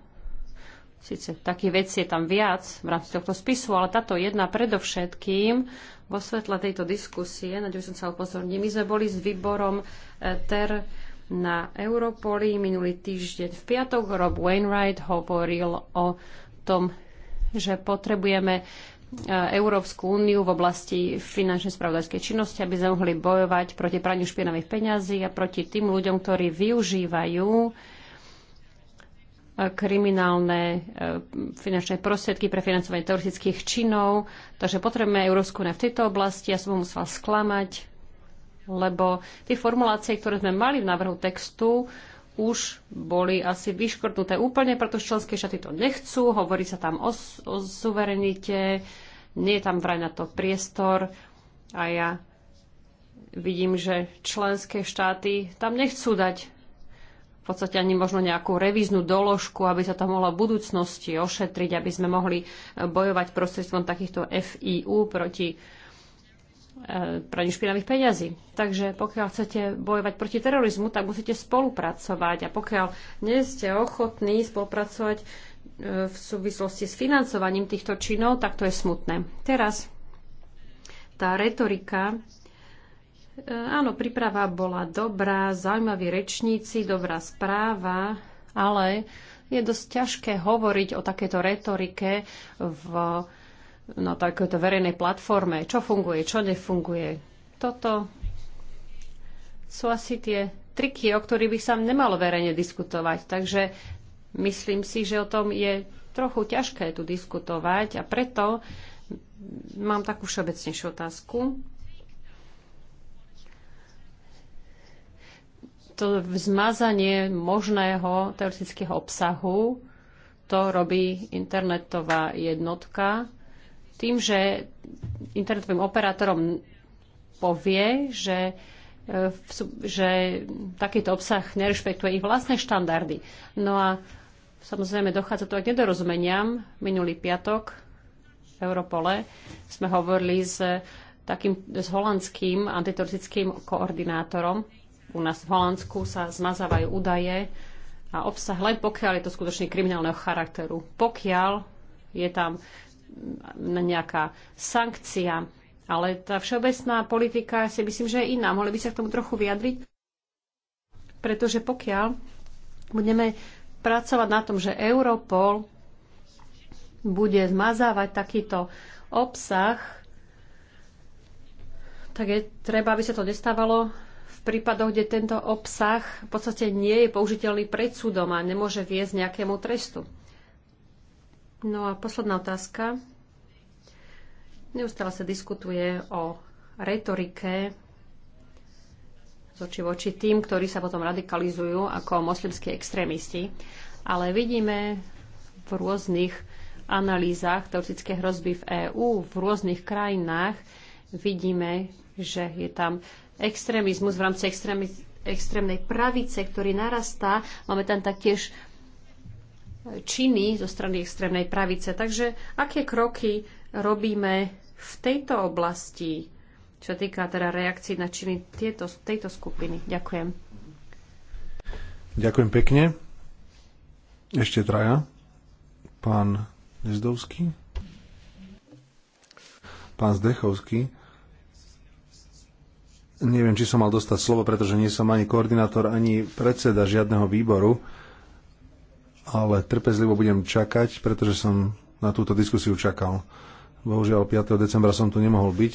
Speaker 3: Sice takých vec je tam viac v rámci tohto spisu, ale táto jedna predovšetkým vo svetle tejto diskusie, na by som sa upozornil, my sme boli s výborom eh, TER na Europoli. Minulý týždeň v piatok Rob Wainwright hovoril o tom, že potrebujeme e, Európsku úniu v oblasti finančnej spravodajskej činnosti, aby sme mohli bojovať proti praniu špinavých peňazí a proti tým ľuďom, ktorí využívajú e, kriminálne e, finančné prostriedky pre financovanie teoretických činov. Takže potrebujeme Európsku úniu v tejto oblasti. Ja som musela sklamať lebo tie formulácie, ktoré sme mali v návrhu textu, už boli asi vyškrtnuté úplne, pretože členské štáty to nechcú, hovorí sa tam o, o suverenite, nie je tam vraj na to priestor a ja vidím, že členské štáty tam nechcú dať v podstate ani možno nejakú revíznu doložku, aby sa to mohlo v budúcnosti ošetriť, aby sme mohli bojovať prostredstvom takýchto FIU proti E, praní špinavých peňazí. Takže pokiaľ chcete bojovať proti terorizmu, tak musíte spolupracovať. A pokiaľ nie ste ochotní spolupracovať e, v súvislosti s financovaním týchto činov, tak to je smutné. Teraz tá retorika. E, áno, príprava bola dobrá, zaujímaví rečníci, dobrá správa, ale je dosť ťažké hovoriť o takéto retorike v na no takéto verejnej platforme, čo funguje, čo nefunguje. Toto sú asi tie triky, o ktorých by sa nemalo verejne diskutovať. Takže myslím si, že o tom je trochu ťažké tu diskutovať a preto mám takú všeobecnejšiu otázku. to zmazanie možného teoretického obsahu, to robí internetová jednotka tým, že internetovým operátorom povie, že, e, že takýto obsah nerešpektuje ich vlastné štandardy. No a samozrejme dochádza to aj k nedorozumeniam. Minulý piatok v Europole sme hovorili s takým s holandským antiteroristickým koordinátorom. U nás v Holandsku sa zmazávajú údaje a obsah len pokiaľ je to skutočne kriminálneho charakteru. Pokiaľ je tam nejaká sankcia. Ale tá všeobecná politika si myslím, že je iná. Mohli by sa k tomu trochu vyjadriť? Pretože pokiaľ budeme pracovať na tom, že Europol bude zmazávať takýto obsah, tak je treba, aby sa to nestávalo v prípadoch, kde tento obsah v podstate nie je použiteľný pred súdom a nemôže viesť nejakému trestu. No a posledná otázka. Neustále sa diskutuje o retorike zoči voči tým, ktorí sa potom radikalizujú ako moslimskí extrémisti. Ale vidíme v rôznych analýzach teoretické hrozby v EÚ, v rôznych krajinách, vidíme, že je tam extrémizmus v rámci extrémnej pravice, ktorý narastá. Máme tam taktiež činy zo strany extrémnej pravice. Takže aké kroky robíme v tejto oblasti, čo týka teda reakcií na činy tieto, tejto skupiny? Ďakujem.
Speaker 4: Ďakujem pekne. Ešte traja. Pán Nezdovský. Pán Zdechovský. Neviem, či som mal dostať slovo, pretože nie som ani koordinátor, ani predseda žiadneho výboru ale trpezlivo budem čakať, pretože som na túto diskusiu čakal. Bohužiaľ 5. decembra som tu nemohol byť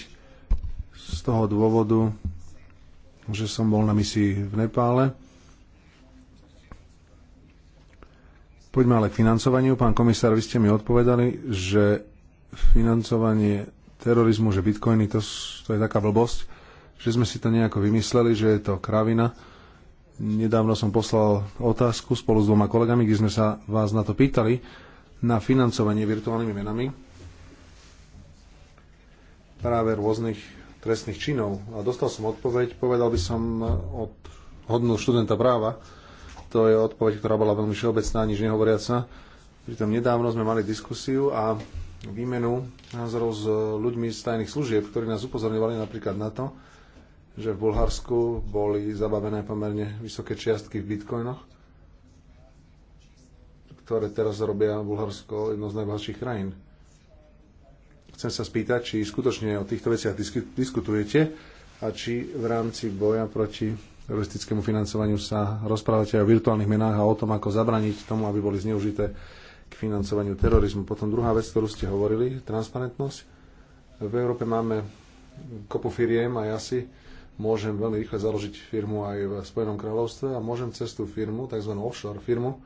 Speaker 4: z toho dôvodu, že som bol na misii v Nepále. Poďme ale k financovaniu. Pán komisár, vy ste mi odpovedali, že financovanie terorizmu, že bitcoiny, to, to je taká blbosť, že sme si to nejako vymysleli, že je to kravina Nedávno som poslal otázku spolu s dvoma kolegami, kde sme sa vás na to pýtali, na financovanie virtuálnymi menami práve rôznych trestných činov. A dostal som odpoveď, povedal by som od hodnú študenta práva, to je odpoveď, ktorá bola veľmi všeobecná, nič nehovoriaca. Pritom nedávno sme mali diskusiu a výmenu názorov s ľuďmi z tajných služieb, ktorí nás upozorňovali napríklad na to, že v Bulharsku boli zabavené pomerne vysoké čiastky v bitcoinoch, ktoré teraz robia Bulharsko jedno z najbohatších krajín. Chcem sa spýtať, či skutočne o týchto veciach diskutujete a či v rámci boja proti teroristickému financovaniu sa rozprávate aj o virtuálnych menách a o tom, ako zabraniť tomu, aby boli zneužité k financovaniu terorizmu. Potom druhá vec, ktorú ste hovorili, transparentnosť. V Európe máme kopu firiem a ja si môžem veľmi rýchle založiť firmu aj v Spojenom kráľovstve a môžem cez tú firmu, tzv. offshore firmu,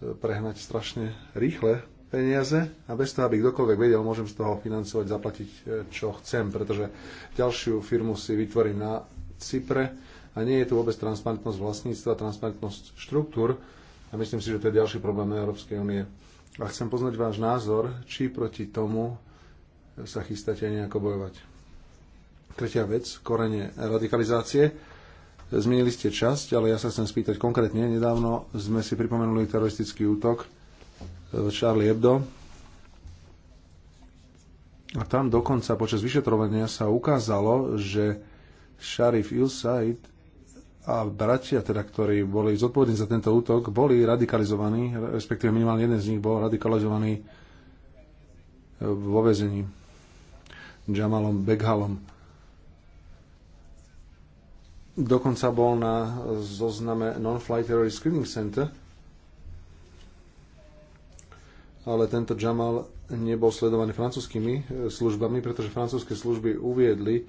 Speaker 4: e, prehnať strašne rýchle peniaze a bez toho, aby kdokoľvek vedel, môžem z toho financovať, zaplatiť, e, čo chcem, pretože ďalšiu firmu si vytvorím na Cypre a nie je tu vôbec transparentnosť vlastníctva, transparentnosť štruktúr a myslím si, že to je ďalší problém Európskej únie. A chcem poznať váš názor, či proti tomu sa chystáte nejako bojovať. Tretia vec, korene radikalizácie. Zmenili ste časť, ale ja sa chcem spýtať konkrétne. Nedávno sme si pripomenuli teroristický útok v e, Charlie Hebdo. A tam dokonca počas vyšetrovania sa ukázalo, že Sharif Ilsaid a bratia, teda, ktorí boli zodpovední za tento útok, boli radikalizovaní, respektíve minimálne jeden z nich bol radikalizovaný e, vo vezení Jamalom Beghalom. Dokonca bol na zozname Non-Flight Terrorist Screening Center, ale tento Jamal nebol sledovaný francúzskými eh, službami, pretože francúzske služby uviedli,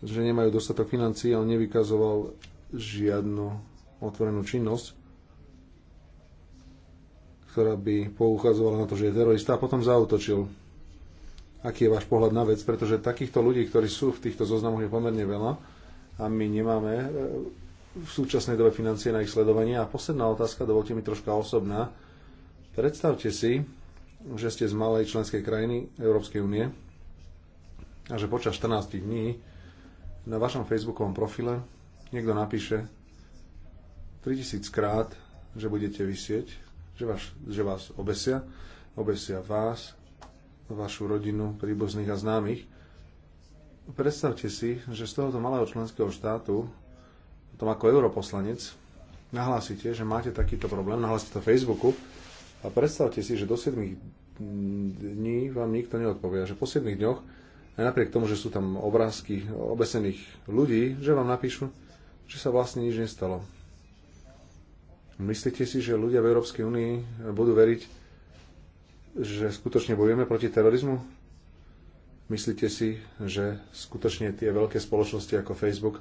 Speaker 4: že nemajú dostatok financií, ale nevykazoval žiadnu otvorenú činnosť, ktorá by poukazovala na to, že je terorista a potom zautočil. Aký je váš pohľad na vec? Pretože takýchto ľudí, ktorí sú v týchto zoznamoch, je pomerne veľa a my nemáme e, v súčasnej dobe financie na ich sledovanie. A posledná otázka, dovolte mi troška osobná. Predstavte si, že ste z malej členskej krajiny Európskej únie a že počas 14 dní na vašom facebookovom profile niekto napíše 3000 krát, že budete vysieť, že, vás, že vás obesia, obesia vás, vašu rodinu, príbuzných a známych Predstavte si, že z tohoto malého členského štátu, tom ako europoslanec, nahlásite, že máte takýto problém, nahlásite to Facebooku a predstavte si, že do 7 dní vám nikto neodpovia, Že po 7 dňoch, aj napriek tomu, že sú tam obrázky obesených ľudí, že vám napíšu, že sa vlastne nič nestalo. Myslíte si, že ľudia v Európskej únii budú veriť, že skutočne bojujeme proti terorizmu? Myslíte si, že skutočne tie veľké spoločnosti ako Facebook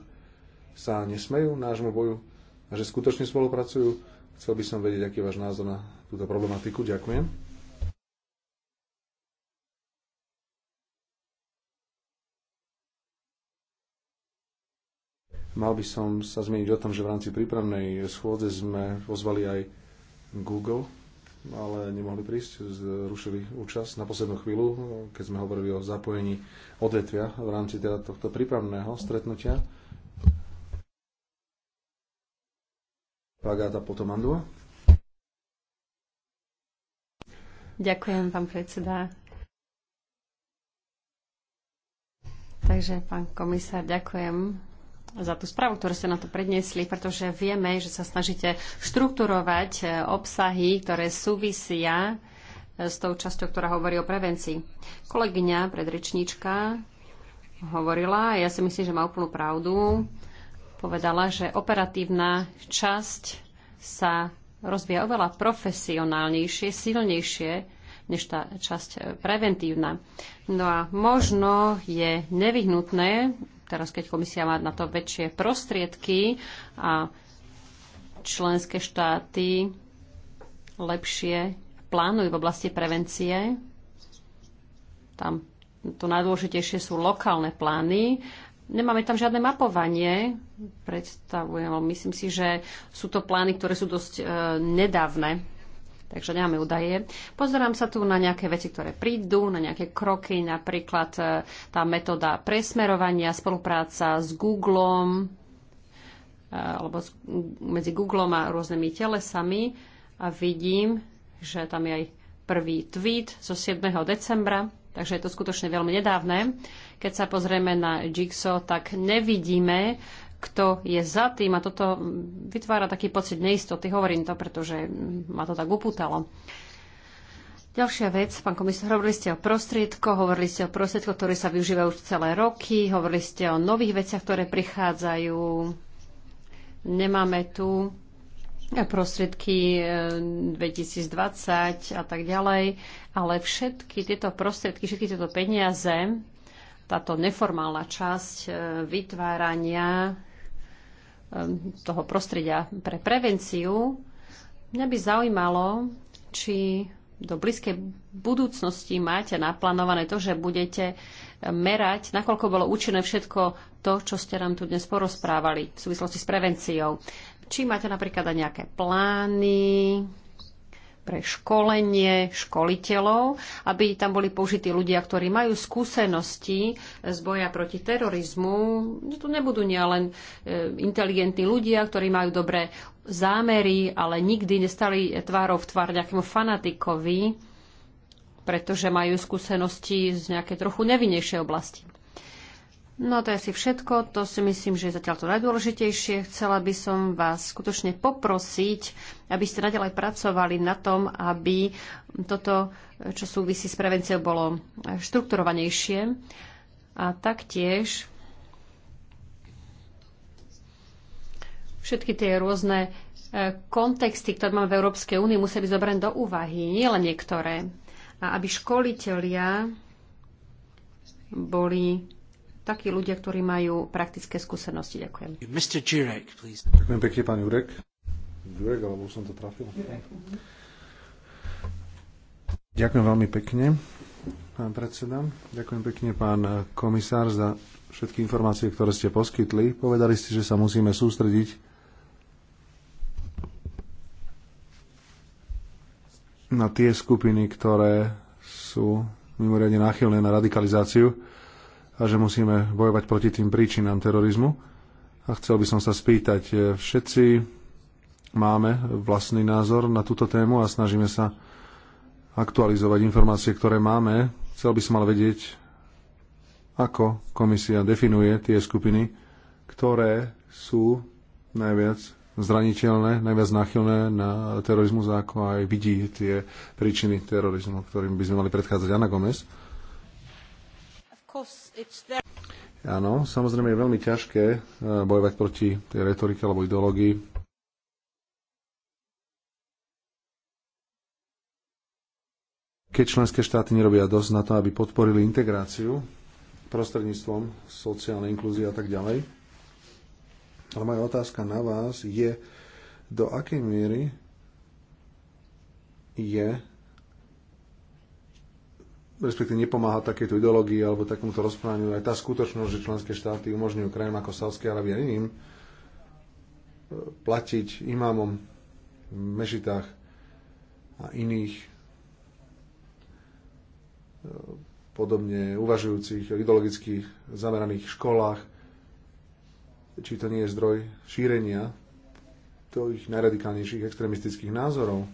Speaker 4: sa nesmejú nášmu boju a že skutočne spolupracujú? Chcel by som vedieť, aký je váš názor na túto problematiku. Ďakujem. Mal by som sa zmeniť o tom, že v rámci prípravnej schôdze sme pozvali aj Google ale nemohli prísť, zrušili účasť na poslednú chvíľu, keď sme hovorili o zapojení odvetvia v rámci teda tohto prípravného stretnutia. Pagáta Potomandua.
Speaker 3: Ďakujem, pán predseda. Takže, pán komisár, ďakujem za tú správu, ktorú ste na to predniesli, pretože vieme, že sa snažíte štrukturovať e, obsahy, ktoré súvisia e, s tou časťou, ktorá hovorí o prevencii. Kolegyňa predrečníčka hovorila, ja si myslím, že má úplnú pravdu, povedala, že operatívna časť sa rozvíja oveľa profesionálnejšie, silnejšie, než tá časť preventívna. No a možno je nevyhnutné teraz keď komisia má na to väčšie prostriedky a členské štáty lepšie plánujú v oblasti prevencie. Tam to najdôležitejšie sú lokálne plány. Nemáme tam žiadne mapovanie, predstavujem, myslím si, že sú to plány, ktoré sú dosť e, nedávne takže nemáme údaje. Pozerám sa tu na nejaké veci, ktoré prídu, na nejaké kroky, napríklad e, tá metóda presmerovania, spolupráca s Googlom, e, alebo medzi Googlom a rôznymi telesami a vidím, že tam je aj prvý tweet zo 7. decembra, takže je to skutočne veľmi nedávne. Keď sa pozrieme na Jigsaw, tak nevidíme kto je za tým. A toto vytvára taký pocit neistoty. Hovorím to, pretože ma to tak upútalo. Ďalšia vec, pán komisár, hovorili ste o prostriedkoch, hovorili ste o prostriedko, ktoré sa využívajú už celé roky, hovorili ste o nových veciach, ktoré prichádzajú. Nemáme tu prostriedky 2020 eh, a tak ďalej, ale všetky tieto prostriedky, všetky tieto peniaze, táto neformálna časť eh, vytvárania toho prostredia pre prevenciu. Mňa by zaujímalo, či do blízkej budúcnosti máte naplánované to, že budete merať, nakoľko bolo účinné všetko to, čo ste nám tu dnes porozprávali v súvislosti s prevenciou. Či máte napríklad aj nejaké plány, pre školenie školiteľov, aby tam boli použití ľudia, ktorí majú skúsenosti z boja proti terorizmu. No tu nebudú nielen e, inteligentní ľudia, ktorí majú dobré zámery, ale nikdy nestali tvárou v tvár nejakému fanatikovi, pretože majú skúsenosti z nejakej trochu nevinnejšej oblasti. No to je asi všetko, to si myslím, že je zatiaľ to najdôležitejšie. Chcela by som vás skutočne poprosiť, aby ste nadalej pracovali na tom, aby toto, čo súvisí s prevenciou, bolo štrukturovanejšie. A taktiež všetky tie rôzne e, kontexty, ktoré máme v Európskej únii, musia byť zobrané do úvahy, nielen niektoré. A aby školitelia boli takí ľudia, ktorí majú praktické skúsenosti. Ďakujem.
Speaker 4: Mr. Jurek, please. Ďakujem pekne, pán Jurek. Jurek, alebo som to trafil. Jurek. Ďakujem veľmi pekne, pán predseda. Ďakujem pekne, pán komisár, za všetky informácie, ktoré ste poskytli. Povedali ste, že sa musíme sústrediť na tie skupiny, ktoré sú mimoriadne náchylné na radikalizáciu a že musíme bojovať proti tým príčinám terorizmu. A chcel by som sa spýtať, e, všetci máme vlastný názor na túto tému a snažíme sa aktualizovať informácie, ktoré máme. Chcel by som ale vedieť, ako komisia definuje tie skupiny, ktoré sú najviac zraniteľné, najviac náchylné na terorizmus, ako aj vidí tie príčiny terorizmu, ktorým by sme mali predchádzať. Ana Gomez. Áno, samozrejme je veľmi ťažké eh, bojovať proti tej retorike alebo ideológii. Keď členské štáty nerobia dosť na to, aby podporili integráciu prostredníctvom sociálnej inklúzie a tak ďalej. Ale moja otázka na vás je, do akej miery je respektíve nepomáha takéto ideológii alebo takomuto rozprávaniu aj tá skutočnosť, že členské štáty umožňujú krajinám ako Sávské Arabia a iným e, platiť imámom v mešitách a iných e, podobne uvažujúcich, ideologicky zameraných školách, či to nie je zdroj šírenia to ich najradikálnejších extremistických názorov.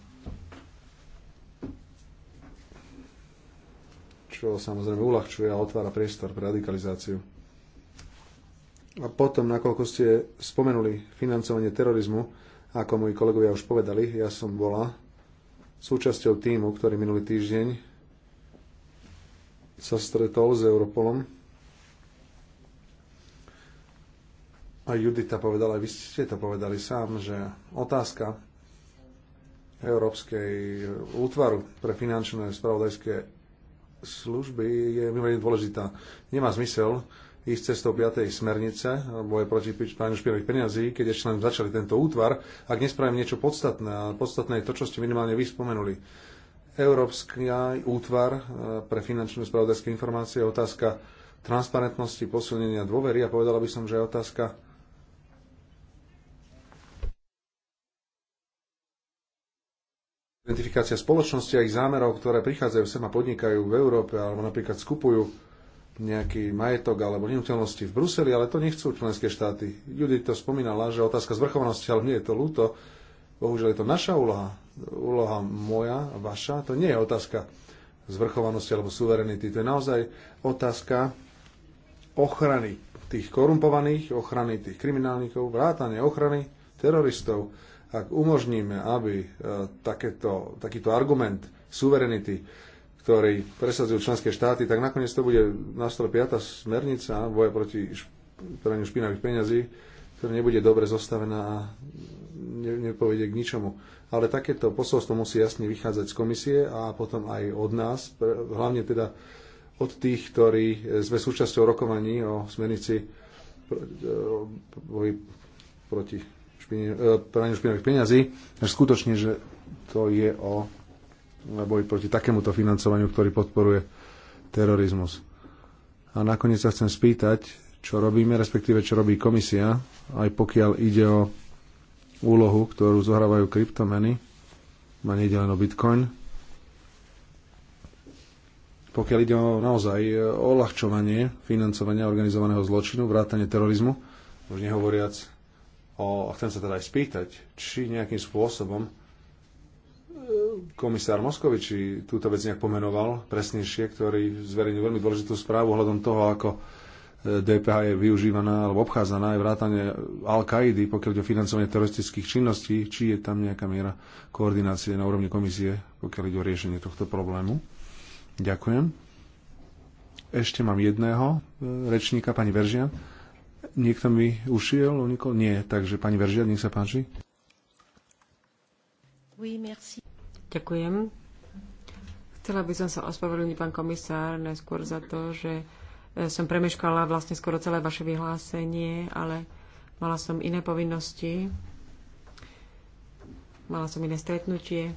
Speaker 4: čo samozrejme uľahčuje a otvára priestor pre radikalizáciu. A potom, nakoľko ste spomenuli financovanie terorizmu, ako moji kolegovia už povedali, ja som bola súčasťou týmu, ktorý minulý týždeň sa stretol s Europolom. A Judita povedala, aj vy ste to povedali sám, že otázka Európskej útvaru pre finančné spravodajské služby je mimoriadne dôležitá. Nemá zmysel ísť cestou 5. smernice alebo je proti praniu špinavých peniazí, keď ešte len začali tento útvar, ak nespravím niečo podstatné. A podstatné je to, čo ste minimálne vyspomenuli. Európsky útvar e, pre finančné spravodajské informácie je otázka transparentnosti, posilnenia dôvery a povedala by som, že je otázka identifikácia spoločnosti a ich zámerov, ktoré prichádzajú sem a podnikajú v Európe alebo napríklad skupujú nejaký majetok alebo nehnuteľnosti v Bruseli, ale to nechcú členské štáty. Judy to spomínala, že otázka zvrchovanosti, ale nie je to ľúto. Bohužiaľ je to naša úloha, úloha moja, vaša. To nie je otázka zvrchovanosti alebo suverenity. To je naozaj otázka ochrany tých korumpovaných, ochrany tých kriminálnikov, vrátanie ochrany teroristov. Ak umožníme, aby e, takéto, takýto argument suverenity, ktorý presadzujú členské štáty, tak nakoniec to bude na stole piata smernica boja proti praniu špinavých peňazí, ktorá nebude dobre zostavená a ne, k ničomu. Ale takéto posolstvo musí jasne vychádzať z komisie a potom aj od nás, hlavne teda od tých, ktorí sme súčasťou rokovaní o smernici e, boji proti špine, e, praniu špinavých peňazí, až skutočne, že to je o boj proti takémuto financovaniu, ktorý podporuje terorizmus. A nakoniec sa chcem spýtať, čo robíme, respektíve čo robí komisia, aj pokiaľ ide o úlohu, ktorú zohrávajú kryptomeny, ma nejde len o bitcoin, pokiaľ ide o naozaj e, o ľahčovanie financovania organizovaného zločinu, vrátanie terorizmu, už nehovoriac o, chcem sa teda aj spýtať, či nejakým spôsobom e, komisár Moskoviči túto vec nejak pomenoval presnejšie, ktorý zverejnil veľmi dôležitú správu ohľadom toho, ako e, DPH je využívaná alebo obchádzaná aj vrátane Al-Kaidy, pokiaľ ide o financovanie teroristických činností, či je tam nejaká miera koordinácie na úrovni komisie, pokiaľ ide o riešenie tohto problému. Ďakujem. Ešte mám jedného e, rečníka, pani Veržian. Niekto mi ušiel, unikol? No nie, takže pani Veržia, nech sa páči.
Speaker 3: Oui, merci.
Speaker 2: Ďakujem. Chcela by som sa ospravedlniť, pán komisár, neskôr za to, že e, som premeškala vlastne skoro celé vaše vyhlásenie, ale mala som iné povinnosti, mala som iné stretnutie.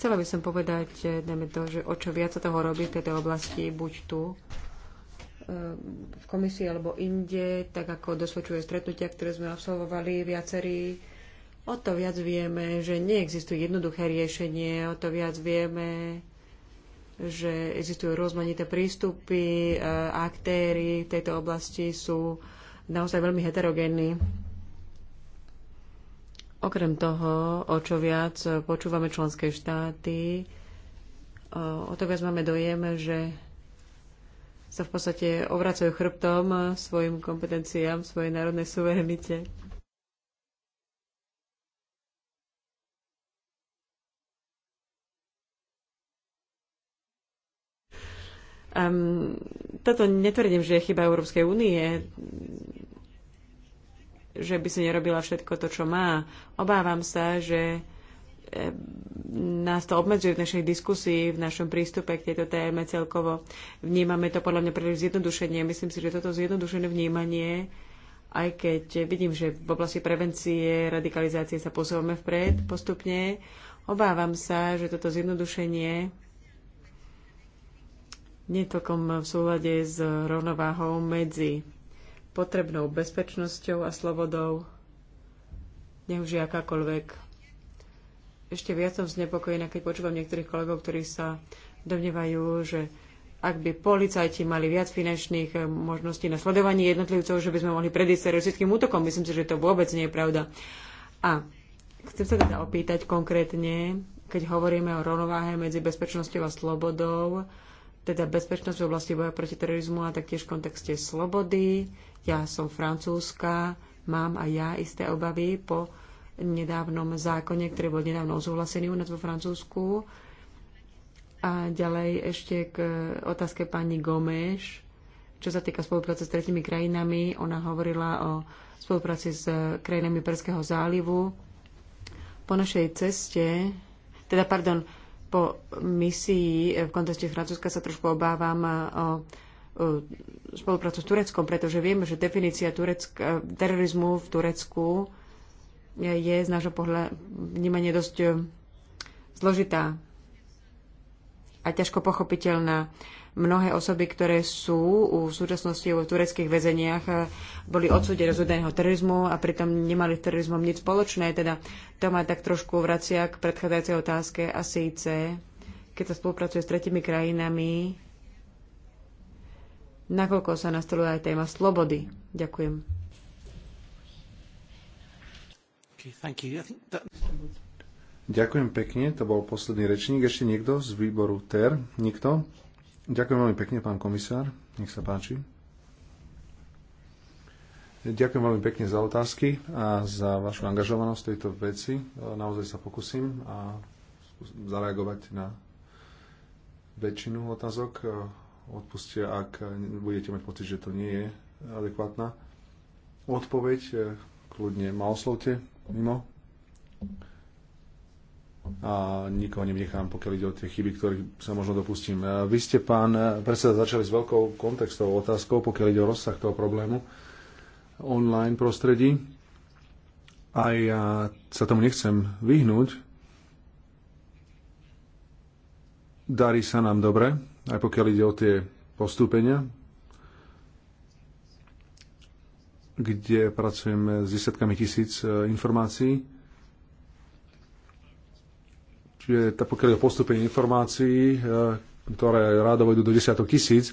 Speaker 2: Chcela by som povedať, najmä e, to, že o čo viac sa toho robí v tejto oblasti, buď tu, v komisii alebo inde, tak ako dosvedčuje stretnutia, ktoré sme absolvovali viacerí, o to viac vieme, že neexistuje jednoduché riešenie, o to viac vieme, že existujú rozmanité prístupy, e, aktéry v tejto oblasti sú naozaj veľmi heterogénni. Okrem toho, o čo viac počúvame členské štáty, o to viac máme dojem, že sa v podstate obracajú chrbtom svojim kompetenciám, svojej národnej suverenite. Um, toto netvrdím, že je chyba Európskej únie, že by si nerobila všetko to, čo má. Obávam sa, že Ehm, nás to obmedzuje v našej diskusii, v našom prístupe k tejto téme celkovo. Vnímame to podľa mňa príliš zjednodušenie. Myslím si, že toto zjednodušené vnímanie, aj keď vidím, že v oblasti prevencie, radikalizácie sa posúvame vpred postupne, obávam sa, že toto zjednodušenie nie je celkom v súlade s rovnováhou medzi potrebnou bezpečnosťou a slobodou, nech už je akákoľvek ešte viac som znepokojená, keď počúvam niektorých kolegov, ktorí sa domnievajú, že ak by policajti mali viac finančných eh, možností na sledovanie jednotlivcov, že by sme mohli predísť teroristickým útokom. Myslím si, že to vôbec nie je pravda. A chcem sa teda opýtať konkrétne, keď hovoríme o rovnováhe medzi bezpečnosťou a slobodou, teda bezpečnosť v oblasti boja proti terorizmu a taktiež v kontexte slobody. Ja som francúzska, mám aj ja isté obavy po nedávnom zákone, ktorý bol nedávno odsúhlasený u nás vo Francúzsku. A ďalej ešte k otázke pani Gomeš, čo sa týka spolupráce s tretimi krajinami. Ona hovorila o spolupráci s krajinami Perského zálivu. Po našej ceste, teda pardon, po misii v kontexte Francúzska sa trošku obávam o spoluprácu s Tureckom, pretože vieme, že definícia Turecka, terorizmu v Turecku je z nášho pohľa vnímanie dosť e, zložitá a ťažko pochopiteľná. Mnohé osoby, ktoré sú v súčasnosti v tureckých väzeniach, e, boli odsúde rozhodného terorizmu a pritom nemali s terorizmom nič spoločné. Teda to ma tak trošku vracia k predchádzajúcej otázke a síce, keď sa spolupracuje s tretimi krajinami, nakoľko sa nastoluje aj téma slobody. Ďakujem.
Speaker 4: Ďakujem pekne, to bol posledný rečník. Ešte niekto z výboru TER? Nikto? Ďakujem veľmi pekne, pán komisár. Nech sa páči. Ďakujem veľmi pekne za otázky a za vašu angažovanosť v tejto veci. Naozaj sa pokúsim a zareagovať na väčšinu otázok. Odpustia, ak budete mať pocit, že to nie je adekvátna odpoveď. Kľudne ma oslovte mimo a nikoho nevnechám, pokiaľ ide o tie chyby, ktorých sa možno dopustím. Vy ste, pán predseda, začali s veľkou kontextovou otázkou, pokiaľ ide o rozsah toho problému online prostredí. A ja sa tomu nechcem vyhnúť. Darí sa nám dobre, aj pokiaľ ide o tie postúpenia kde pracujeme s desiatkami tisíc e, informácií. Čiže pokiaľ je postupenie informácií, e, ktoré rádovo idú do desiatok tisíc,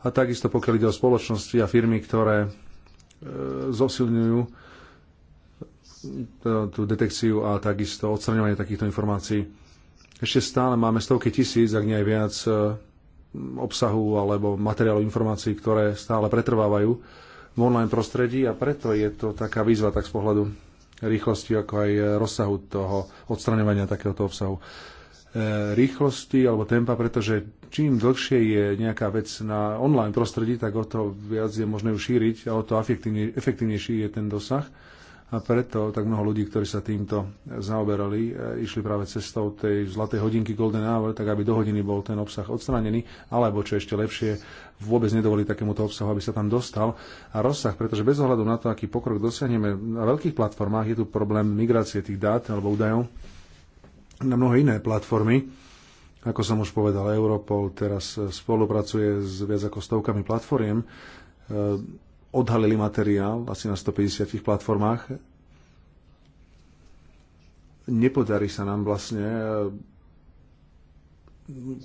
Speaker 4: a takisto pokiaľ ide o spoločnosti a firmy, ktoré e, zosilňujú tú detekciu a takisto odstraňovanie takýchto informácií. Ešte stále máme stovky tisíc, ak nie aj viac, obsahu alebo materiálov informácií, ktoré stále pretrvávajú v online prostredí a preto je to taká výzva tak z pohľadu rýchlosti, ako aj rozsahu toho odstraňovania takéhoto obsahu. E, rýchlosti alebo tempa, pretože čím dlhšie je nejaká vec na online prostredí, tak o to viac je možné ju šíriť a o to efektívnejší je ten dosah a preto tak mnoho ľudí, ktorí sa týmto zaoberali, e, išli práve cestou tej zlatej hodinky Golden Hour, tak aby do hodiny bol ten obsah odstranený, alebo čo ešte lepšie, vôbec nedovolí takémuto obsahu, aby sa tam dostal. A rozsah, pretože bez ohľadu na to, aký pokrok dosiahneme na veľkých platformách, je tu problém migrácie tých dát alebo údajov na mnohé iné platformy. Ako som už povedal, Europol teraz e, spolupracuje s viac ako stovkami platformiem e, odhalili materiál asi na 150 platformách. Nepodarí sa nám vlastne e,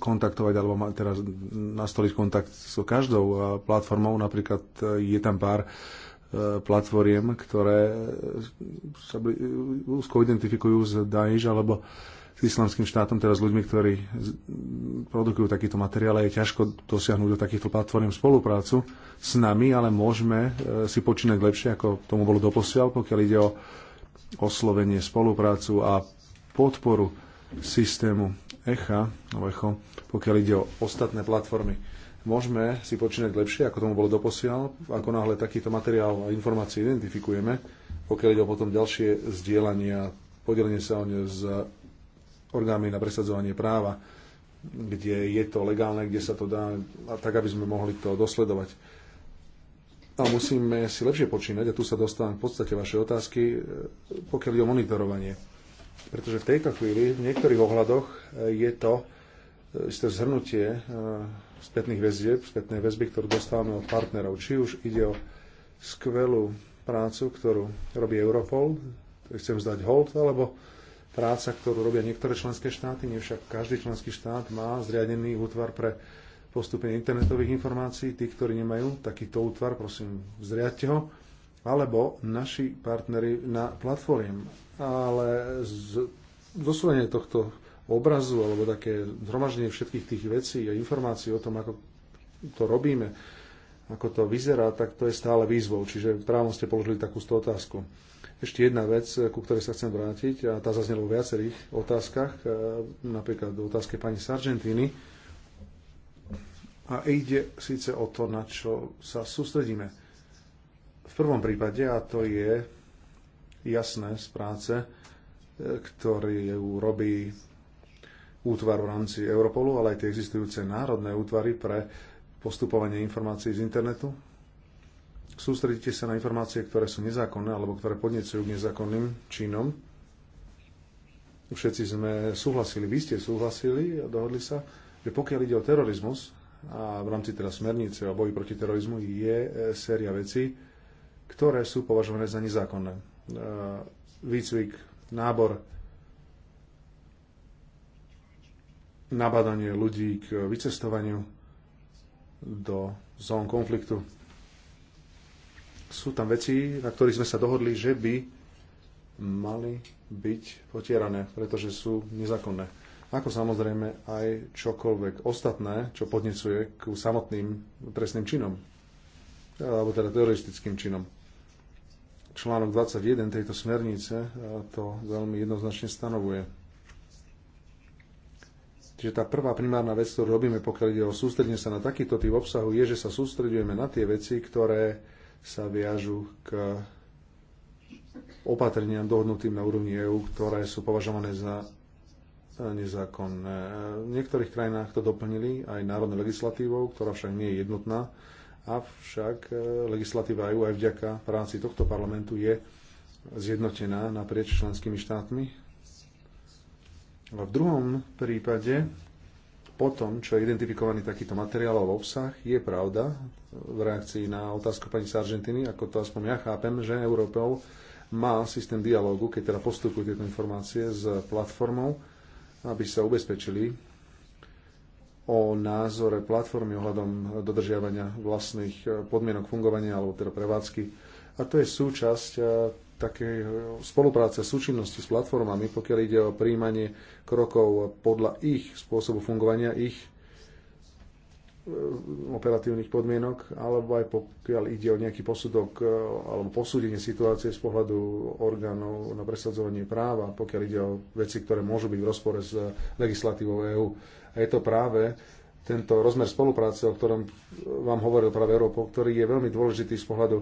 Speaker 4: kontaktovať alebo teraz nastoliť kontakt so každou e, platformou. Napríklad e, je tam pár platformiem, ktoré sa úzko identifikujú s Daesh alebo s islamským štátom, teda s ľuďmi, ktorí produkujú takýto materiál je ťažko dosiahnuť do takýchto platform spoluprácu s nami, ale môžeme e, si počínať lepšie, ako tomu bolo doposiaľ, pokiaľ ide o oslovenie, spoluprácu a podporu systému ECHA, ECHO, pokiaľ ide o ostatné platformy. Môžeme si počínať lepšie, ako tomu bolo doposiaľ, ako náhle takýto materiál a informácie identifikujeme, pokiaľ ide o potom ďalšie zdieľanie a podelenie sa o ne s orgánmi na presadzovanie práva, kde je to legálne, kde sa to dá, a tak aby sme mohli to dosledovať. A musíme si lepšie počínať, a tu sa dostávam v podstate vaše otázky, e, pokiaľ ide o monitorovanie. Pretože v tejto chvíli v niektorých ohľadoch e, je to e, isté zhrnutie spätných väzieb, spätnej väzby, ktorú dostávame od partnerov. Či už ide o skvelú prácu, ktorú robí Europol, chcem zdať hold, alebo práca, ktorú robia niektoré členské štáty, nie však každý členský štát má zriadený útvar pre postupenie internetových informácií. Tí, ktorí nemajú takýto útvar, prosím, zriadte ho. Alebo naši partnery na platform. Ale z, doslovenie tohto obrazu alebo také zhromaždenie všetkých tých vecí a informácií o tom, ako to robíme, ako to vyzerá, tak to je stále výzvou. Čiže právom ste položili takúto otázku. Ešte jedna vec, eh, ku ktorej sa chcem vrátiť, a tá zaznela vo viacerých otázkach, eh, napríklad do otázke pani Sargentini. A ide síce o to, na čo sa sústredíme. V prvom prípade, a to je jasné z práce, eh, ktorý robí útvar v rámci Europolu, ale aj tie existujúce národné útvary pre postupovanie informácií z internetu, sústredíte sa na informácie, ktoré sú nezákonné alebo ktoré podnecujú k nezákonným činom. Všetci sme súhlasili, vy ste súhlasili a dohodli sa, že pokiaľ ide o terorizmus a v rámci teda smernice o boji proti terorizmu je e, séria vecí, ktoré sú považované za nezákonné. E, výcvik, nábor, nabadanie ľudí k vycestovaniu do zón konfliktu sú tam veci, na ktorých sme sa dohodli, že by mali byť potierané, pretože sú nezákonné. Ako samozrejme aj čokoľvek ostatné, čo podnecuje k samotným trestným činom, alebo teda teroristickým činom. Článok 21 tejto smernice to veľmi jednoznačne stanovuje. Čiže tá prvá primárna vec, ktorú robíme, pokiaľ ide o sústredenie sa na takýto typ obsahu, je, že sa sústredujeme na tie veci, ktoré sa viažu k opatreniam dohodnutým na úrovni EÚ, ktoré sú považované za nezákonné. V niektorých krajinách to doplnili aj národnou legislatívou, ktorá však nie je jednotná. Avšak e, legislatíva EÚ aj vďaka práci tohto parlamentu je zjednotená naprieč členskými štátmi. A v druhom prípade po tom, čo je identifikovaný takýto materiál alebo obsah, je pravda v reakcii na otázku pani z ako to aspoň ja chápem, že Európol má systém dialógu, keď teda postupujú tieto informácie s platformou, aby sa ubezpečili o názore platformy ohľadom dodržiavania vlastných podmienok fungovania alebo teda prevádzky. A to je súčasť také e, spolupráce, súčinnosti s platformami, pokiaľ ide o príjmanie krokov podľa ich spôsobu fungovania, ich e, operatívnych podmienok, alebo aj pokiaľ ide o nejaký posudok e, alebo posúdenie situácie z pohľadu orgánov na presadzovanie práva, pokiaľ ide o veci, ktoré môžu byť v rozpore s legislatívou EÚ. A je to práve tento rozmer spolupráce, o ktorom vám hovoril práve Europol, ktorý je veľmi dôležitý z pohľadu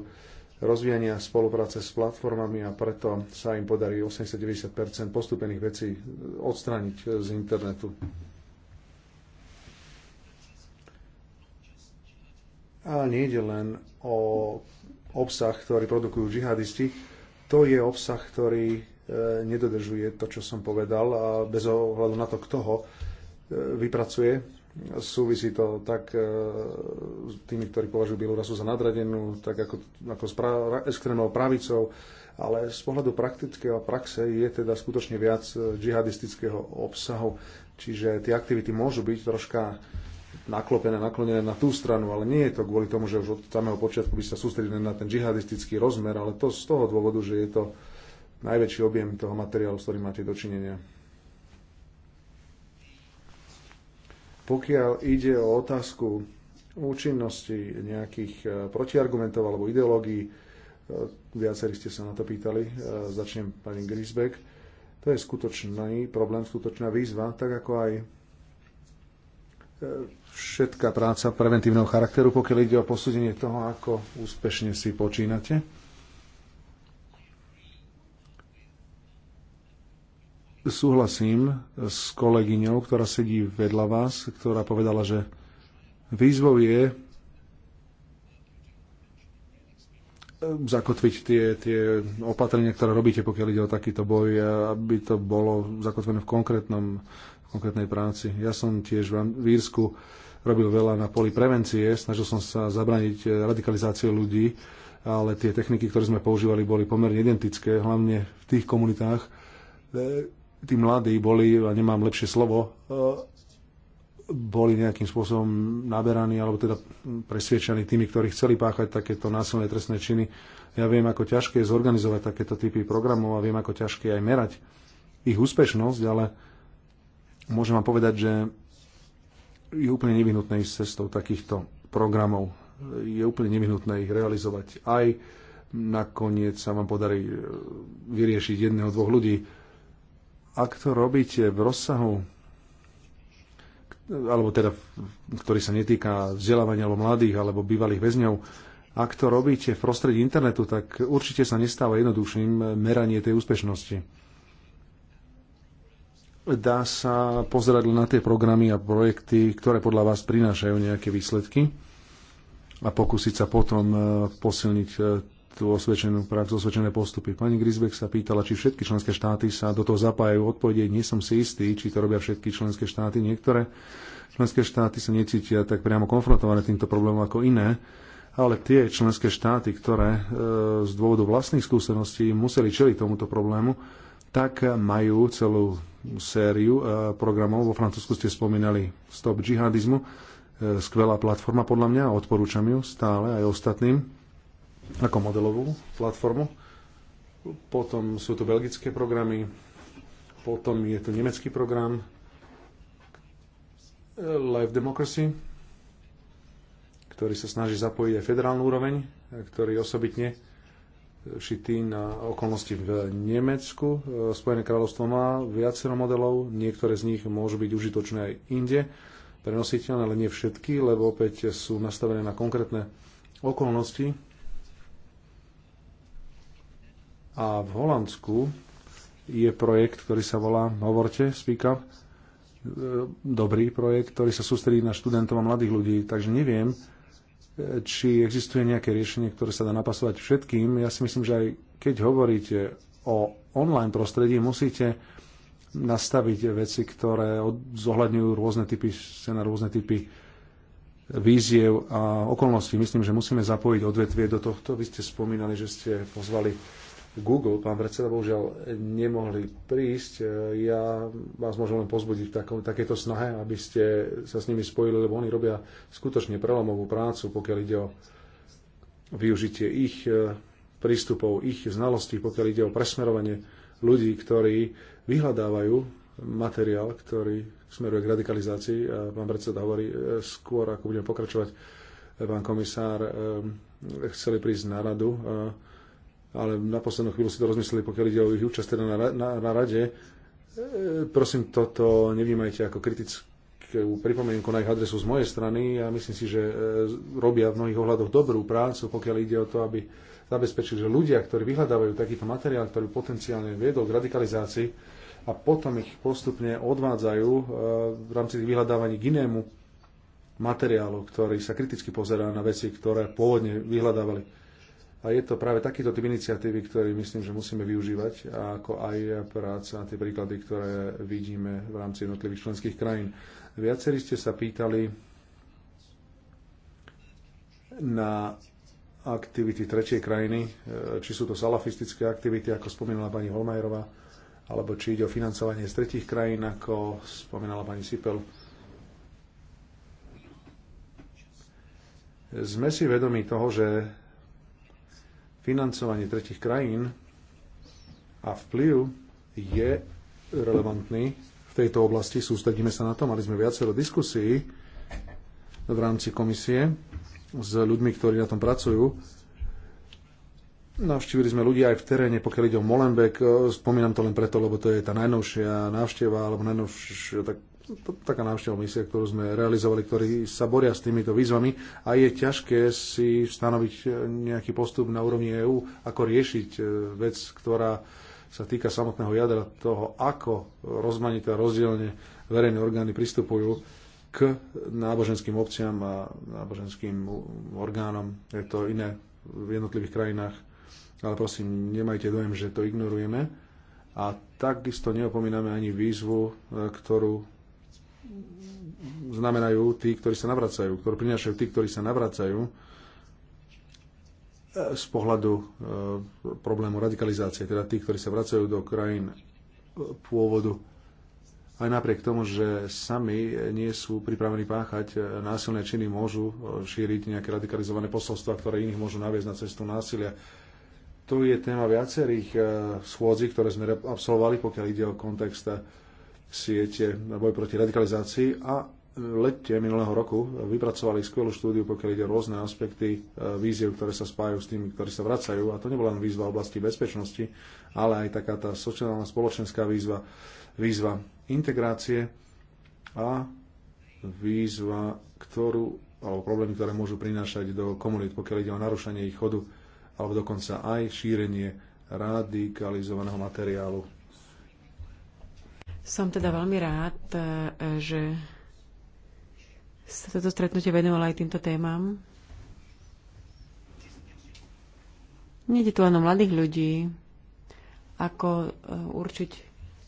Speaker 4: rozvíjania spolupráce s platformami a preto sa im podarí 80-90 postupených vecí odstrániť z internetu. A nie ide len o obsah, ktorý produkujú džihadisti. To je obsah, ktorý e, nedodržuje to, čo som povedal a bez ohľadu na to, kto ho e, vypracuje, Súvisí to tak e, s tými, ktorí považujú rasu za nadradenú, tak ako, ako s pra, extrémnou pravicou, ale z pohľadu praktického praxe je teda skutočne viac e, džihadistického obsahu, čiže tie aktivity môžu byť troška naklopené, naklonené na tú stranu, ale nie je to kvôli tomu, že už od samého počiatku by sa sústredili na ten džihadistický rozmer, ale to z toho dôvodu, že je to najväčší objem toho materiálu, s ktorým máte dočinenia. Pokiaľ ide o otázku účinnosti nejakých e, protiargumentov alebo ideológií, e, viacerí ste sa na to pýtali, e, začnem pani Grisbeck, to je skutočný problém, skutočná výzva, tak ako aj všetká práca preventívneho charakteru, pokiaľ ide o posúdenie toho, ako úspešne si počínate. súhlasím s kolegyňou, ktorá sedí vedľa vás, ktorá povedala, že výzvou je ehm, zakotviť tie, tie opatrenia, ktoré robíte, pokiaľ ide o takýto boj, aby to bolo zakotvené v, konkrétnom, v konkrétnej práci. Ja som tiež v Vírsku robil veľa na poli prevencie, snažil som sa zabraniť e, radikalizáciu ľudí, ale tie techniky, ktoré sme používali, boli pomerne identické, hlavne v tých komunitách, e, tí mladí boli, a nemám lepšie slovo, e, boli nejakým spôsobom naberaní alebo teda presviečaní tými, ktorí chceli páchať takéto násilné trestné činy. Ja viem, ako ťažké je zorganizovať takéto typy programov a viem, ako ťažké je aj merať ich úspešnosť, ale môžem vám povedať, že je úplne nevyhnutné ísť cestou takýchto programov. Je úplne nevyhnutné ich realizovať. Aj nakoniec sa vám podarí e, vyriešiť jedného, dvoch ľudí, ak to robíte v rozsahu, alebo teda, ktorý sa netýka vzdelávania alebo mladých, alebo bývalých väzňov, ak to robíte v prostredí internetu, tak určite sa nestáva jednoduchším meranie tej úspešnosti. Dá sa pozerať na tie programy a projekty, ktoré podľa vás prinášajú nejaké výsledky a pokúsiť sa potom posilniť tú osvedčenú prax, osvedčené postupy. Pani Grisbeck sa pýtala, či všetky členské štáty sa do toho zapájajú. Odpovede nie som si istý, či to robia všetky členské štáty. Niektoré členské štáty sa necítia tak priamo konfrontované týmto problémom ako iné, ale tie členské štáty, ktoré e, z dôvodu vlastných skúseností museli čeliť tomuto problému, tak majú celú sériu e, programov. Vo Francúzsku ste spomínali Stop džihadizmu, e, skvelá platforma podľa mňa, odporúčam ju stále aj ostatným ako modelovú platformu. Potom sú tu belgické programy, potom je tu nemecký program Live Democracy, ktorý sa snaží zapojiť aj federálnu úroveň, ktorý osobitne šitý na okolnosti v Nemecku. Spojené kráľovstvo má viacero modelov, niektoré z nich môžu byť užitočné aj inde, prenositeľné, ale nie všetky, lebo opäť sú nastavené na konkrétne okolnosti a v Holandsku je projekt, ktorý sa volá Hovorte, Speak Up. Dobrý projekt, ktorý sa sústredí na študentov a mladých ľudí. Takže neviem, či existuje nejaké riešenie, ktoré sa dá napasovať všetkým. Ja si myslím, že aj keď hovoríte o online prostredí, musíte nastaviť veci, ktoré zohľadňujú rôzne typy scén, rôzne typy víziev a okolností. Myslím, že musíme zapojiť odvetvie do tohto. Vy ste spomínali, že ste pozvali Google, pán predseda, bohužiaľ nemohli prísť. Ja vás môžem len pozbudiť v takom, snahe, aby ste sa s nimi spojili, lebo oni robia skutočne prelomovú prácu, pokiaľ ide o využitie ich e, prístupov, ich znalostí, pokiaľ ide o presmerovanie ľudí, ktorí vyhľadávajú materiál, ktorý smeruje k radikalizácii. a Pán predseda hovorí, e, skôr ako budem pokračovať, e, pán komisár, chceli prísť na radu ale na poslednú chvíľu si to rozmysleli, pokiaľ ide o ich účasť teda na, na, na rade. E, prosím, toto nevnímajte ako kritickú pripomienku na ich adresu z mojej strany. Ja myslím si, že e, robia v mnohých ohľadoch dobrú prácu, pokiaľ ide o to, aby zabezpečili, že ľudia, ktorí vyhľadávajú takýto materiál, ktorý potenciálne viedol k radikalizácii a potom ich postupne odvádzajú e, v rámci tých vyhľadávaní k inému materiálu, ktorý sa kriticky pozerá na veci, ktoré pôvodne vyhľadávali a je to práve takýto typ iniciatívy, ktorý myslím, že musíme využívať, ako aj práca na tie príklady, ktoré vidíme v rámci jednotlivých členských krajín. Viacerí ste sa pýtali na aktivity tretej krajiny, či sú to salafistické aktivity, ako spomínala pani Holmajerová, alebo či ide o financovanie z tretich krajín, ako spomínala pani Sipel. Sme si vedomi toho, že financovanie tretich krajín a vplyv je relevantný v tejto oblasti. Sústredíme sa na to. Mali sme viacero diskusí v rámci komisie s ľuďmi, ktorí na tom pracujú. Navštívili sme ľudí aj v teréne, pokiaľ ide o Molenbeek. Spomínam to len preto, lebo to je tá najnovšia návšteva, alebo najnovšia tak taká návšteva misia, ktorú sme realizovali, ktorí sa boria s týmito výzvami a je ťažké si stanoviť e, nejaký postup na úrovni EÚ, ako riešiť e, vec, ktorá sa týka samotného jadra toho, ako rozmanité a rozdielne verejné orgány pristupujú k náboženským obciam a náboženským orgánom. Je to iné v jednotlivých krajinách, ale prosím, nemajte dojem, že to ignorujeme. A takisto neopomíname ani výzvu, e, ktorú znamenajú tí, ktorí sa navracajú, ktorú prinášajú tí, ktorí sa navracajú e, z pohľadu e, problému radikalizácie, teda tí, ktorí sa vracajú do krajín e, pôvodu. Aj napriek tomu, že sami nie sú pripravení páchať násilné činy, môžu šíriť nejaké radikalizované posolstva, ktoré iných môžu naviesť na cestu násilia. Tu je téma viacerých schôdzi, ktoré sme absolvovali, pokiaľ ide o kontext siete na boj proti radikalizácii a v e, lete minulého roku vypracovali skvelú štúdiu, pokiaľ ide o rôzne aspekty e, víziev, ktoré sa spájajú s tými, ktorí sa vracajú. A to nebola len výzva v oblasti bezpečnosti, ale aj taká tá sociálna spoločenská výzva, výzva integrácie a výzva, ktorú, alebo problémy, ktoré môžu prinášať do komunít, pokiaľ ide o narušenie ich chodu, alebo dokonca aj šírenie radikalizovaného materiálu
Speaker 2: som teda veľmi rád, e, že sa toto stretnutie venovalo aj týmto témam. Nede tu len o mladých ľudí, ako e, určiť,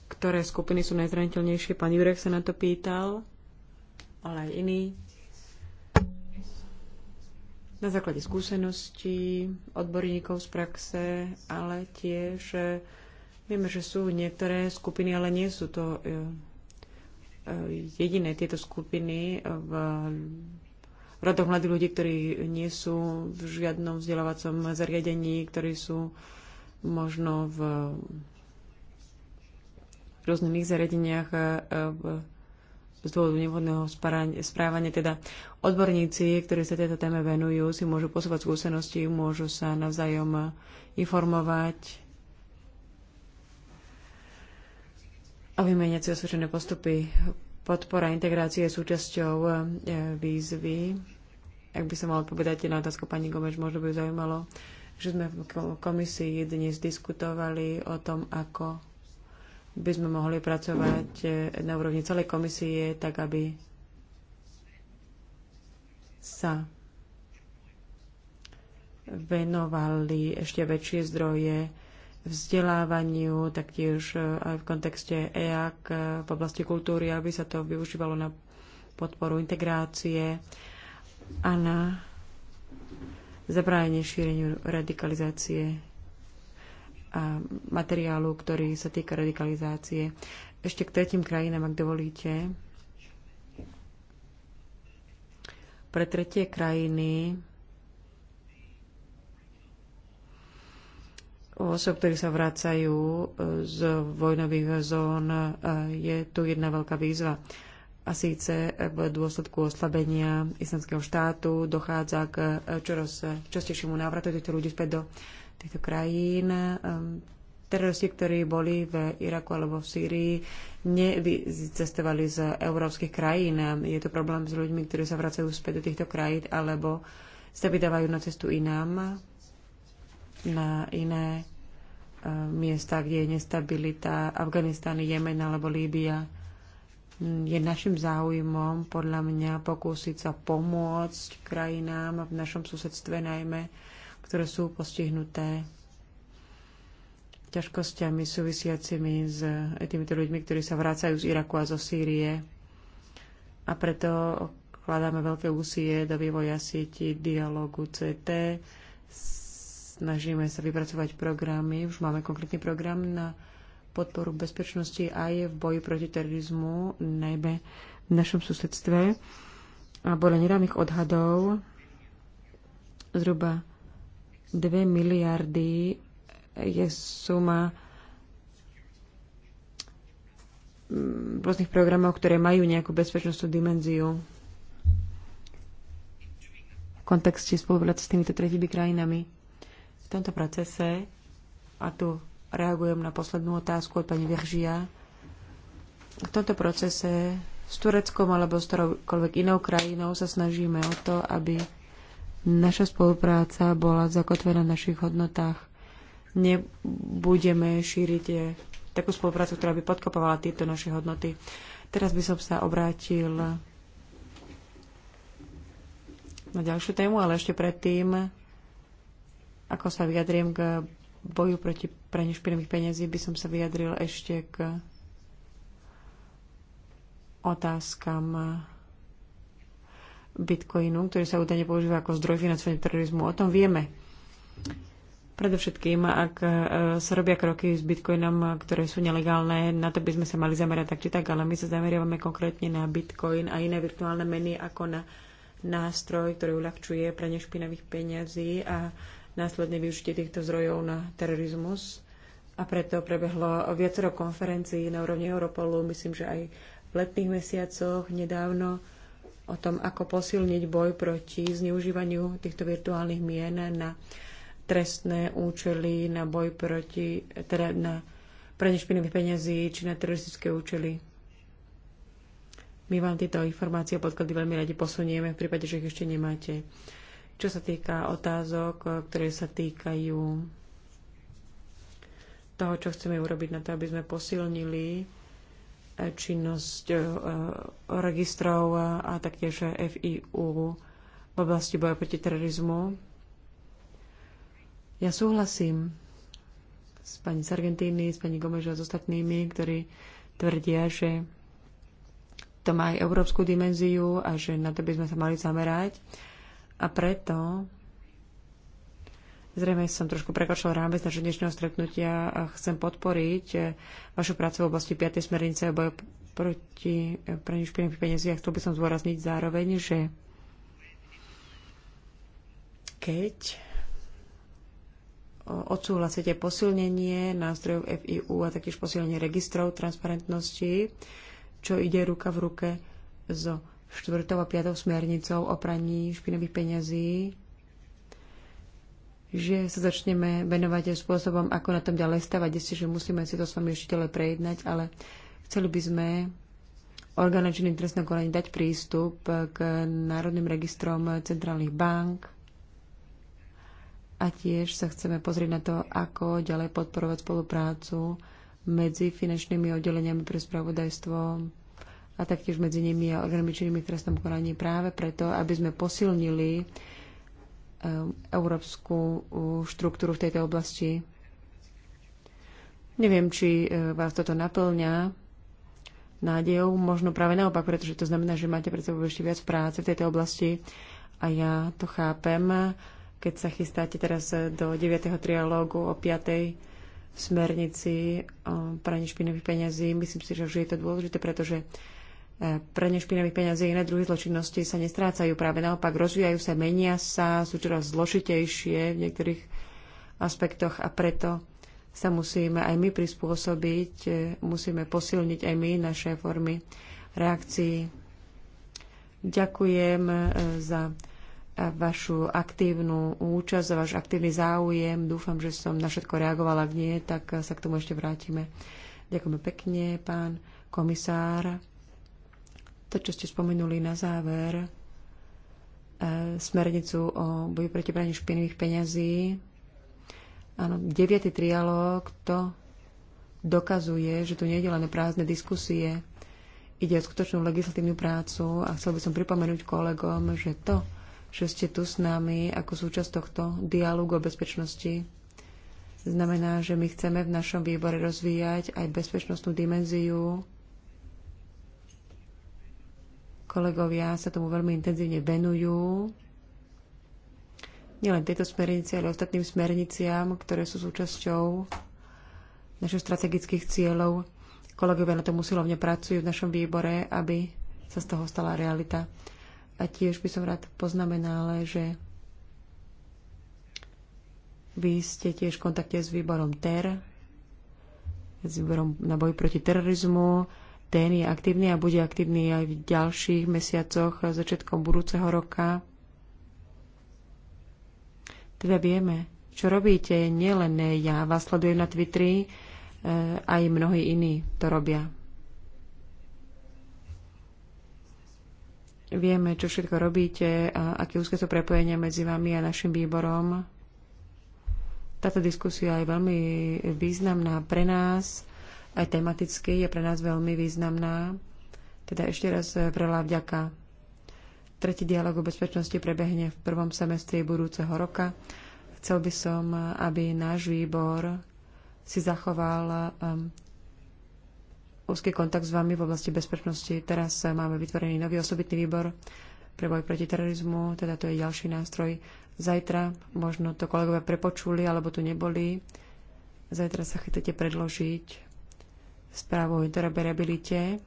Speaker 2: ktoré skupiny sú najzraniteľnejšie. Pán Jurek sa na to pýtal, ale aj iní. Na základe skúseností, odborníkov z praxe, ale tiež e, Vieme, že sú niektoré skupiny, ale nie sú to e, e, jediné tieto skupiny v rodoch mladých ľudí, ktorí nie sú v žiadnom vzdelávacom zariadení, ktorí sú možno v rôznych zariadeniach e, v z dôvodu nevhodného správania. Teda odborníci, ktorí sa tejto téme venujú, si môžu posúvať skúsenosti, môžu sa navzájom informovať a vymeniať si osvedčené postupy. Podpora integrácie je súčasťou e, výzvy. Ak by som mal odpovedať na otázku pani Gomeš, možno by ju zaujímalo, že sme v komisii dnes diskutovali o tom, ako by sme mohli pracovať e, na úrovni celej komisie, tak aby sa venovali ešte väčšie zdroje vzdelávaniu, taktiež e, aj v kontexte EAK e, v oblasti kultúry, aby sa to využívalo na podporu integrácie a na zabránenie šíreniu radikalizácie a materiálu, ktorý sa týka radikalizácie. Ešte k tretím krajinám, ak dovolíte. Pre tretie krajiny osob, ktorí sa vracajú e, z vojnových zón, e, je tu jedna veľká výzva. A síce v dôsledku oslabenia islamského štátu dochádza k e, čoraz častejšiemu návratu týchto ľudí späť do týchto krajín. Teroristi, ktorí boli v Iraku alebo v Sýrii, nevycestovali z európskych krajín. Je to problém s ľuďmi, ktorí sa vracajú späť do týchto krajín alebo sa vydávajú na cestu inám na iné e, miesta, kde je nestabilita, Afganistan, Jemen alebo Líbia. Mm, je našim záujmom, podľa mňa, pokúsiť sa pomôcť krajinám v našom susedstve najmä, ktoré sú postihnuté ťažkosťami súvisiacimi s e, týmito ľuďmi, ktorí sa vracajú z Iraku a zo Sýrie. A preto kladáme veľké úsie do vývoja sieti dialogu CT, Snažíme sa vypracovať programy, už máme konkrétny program na podporu bezpečnosti aj v boji proti terorizmu, najmä v našom susedstve. A podľa nedávnych odhadov zhruba 2 miliardy je suma mm, rôznych programov, ktoré majú nejakú bezpečnostnú dimenziu v kontexte spolupráce s týmito tretími krajinami. V tomto procese, a tu reagujem na poslednú otázku od pani Veržia, v tomto procese s Tureckom alebo s ktoroukoľvek inou krajinou sa snažíme o to, aby naša spolupráca bola zakotvená v našich hodnotách. Nebudeme šíriť eh, takú spoluprácu, ktorá by podkopovala tieto naše hodnoty. Teraz by som sa obrátil na ďalšiu tému, ale ešte predtým ako sa vyjadriem k boju proti praniu špinavých peniazí, by som sa vyjadril ešte k otázkam bitcoinu, ktorý sa údajne používa ako zdroj financovania terorizmu. O tom vieme. Predovšetkým, ak e, sa robia kroky s bitcoinom, ktoré sú nelegálne, na to by sme sa mali zamerať tak či tak, ale my sa zameriavame konkrétne na bitcoin a iné virtuálne meny ako na nástroj, ktorý uľahčuje pre špinavých peniazí a následne využitie týchto zdrojov na terorizmus. A preto prebehlo viacero konferencií na úrovni Europolu, myslím, že aj v letných mesiacoch nedávno o tom, ako posilniť boj proti zneužívaniu týchto virtuálnych mien na trestné účely, na boj proti, teda na pranie špinavých peňazí či na teroristické účely. My vám tieto informácie a podklady veľmi radi posunieme v prípade, že ich ešte nemáte. Čo sa týka otázok, eh, ktoré sa týkajú toho, čo chceme urobiť na to, aby sme posilnili eh, činnosť eh, registrov a taktiež FIU v oblasti boja proti terorizmu. Ja súhlasím s pani Sargentini, s pani Gomežou a s ostatnými, ktorí tvrdia, že to má aj európsku dimenziu a že na to by sme sa mali zamerať. A preto Zrejme som trošku prekočila rámec našho dnešného stretnutia a chcem podporiť eh, vašu prácu v oblasti 5. smernice o boju proti eh, praniu špinavých peniazí. A chcel by som zdôrazniť zároveň, že keď odsúhlasíte posilnenie nástrojov FIU a taktiež posilnenie registrov transparentnosti, čo ide ruka v ruke so štvrtou a piatou smernicou o praní špinových peňazí, že sa začneme venovať aj spôsobom, ako na tom ďalej stavať. Jestli, že musíme si to s vami ešte ďalej prejednať, ale chceli by sme orgánom činným trestnom konaní dať prístup k národným registrom centrálnych bank a tiež sa chceme pozrieť na to, ako ďalej podporovať spoluprácu medzi finančnými oddeleniami pre spravodajstvo a taktiež medzi nimi a orgánmi činnými v trestnom konaní práve preto, aby sme posilnili um, európsku štruktúru v tejto oblasti. Neviem, či e, vás toto naplňa nádejou, možno práve naopak, pretože to znamená, že máte pred sebou ešte viac práce v tejto oblasti a ja to chápem, keď sa chystáte teraz do 9. trialógu o 5. smernici o praní špinových peňazí. Myslím si, že je to dôležité, pretože pranie špinavých peňazí a iné druhy zločinnosti sa nestrácajú. Práve naopak rozvíjajú sa, menia sa, sú čoraz zložitejšie v niektorých aspektoch a preto sa musíme aj my prispôsobiť, musíme posilniť aj my naše formy reakcií. Ďakujem e, za vašu aktívnu účasť, za váš aktívny záujem. Dúfam, že som na všetko reagovala. Ak nie, tak sa k tomu ešte vrátime. Ďakujeme pekne, pán komisár to, čo ste spomenuli na záver, e, smernicu o boji proti praní špinavých peňazí. Áno, deviatý trialóg, to dokazuje, že tu je len prázdne diskusie. Ide o skutočnú legislatívnu prácu a chcel by som pripomenúť kolegom, že to, že ste tu s nami ako súčasť tohto dialógu o bezpečnosti, znamená, že my chceme v našom výbore rozvíjať aj bezpečnostnú dimenziu kolegovia sa tomu veľmi intenzívne venujú. Nielen tejto smernici, ale ostatným smerniciam, ktoré sú súčasťou našich strategických cieľov. Kolegovia na tom usilovne pracujú v našom výbore, aby sa z toho stala realita. A tiež by som rád poznamenala, že vy ste tiež v kontakte s výborom TER, s výborom na boj proti terorizmu, ten je aktívny a bude aktívny aj v ďalších mesiacoch eh, začiatkom budúceho roka. Teda vieme, čo robíte, nielen eh, ja vás sledujem na Twitteri, eh, aj mnohí iní to robia. Vieme, čo všetko robíte a aké úzke sú prepojenia medzi vami a našim výborom. Táto diskusia je veľmi významná pre nás aj tematicky je pre nás veľmi významná. Teda ešte raz eh, vrelá vďaka. Tretí dialog o bezpečnosti prebehne v prvom semestri budúceho roka. Chcel by som, eh, aby náš výbor si zachoval um, úzky kontakt s vami v oblasti bezpečnosti. Teraz eh, máme vytvorený nový osobitný výbor pre boj proti terorizmu, teda to je ďalší nástroj. Zajtra, možno to kolegovia prepočuli, alebo tu neboli, zajtra sa chcete predložiť správu o interoperabilite.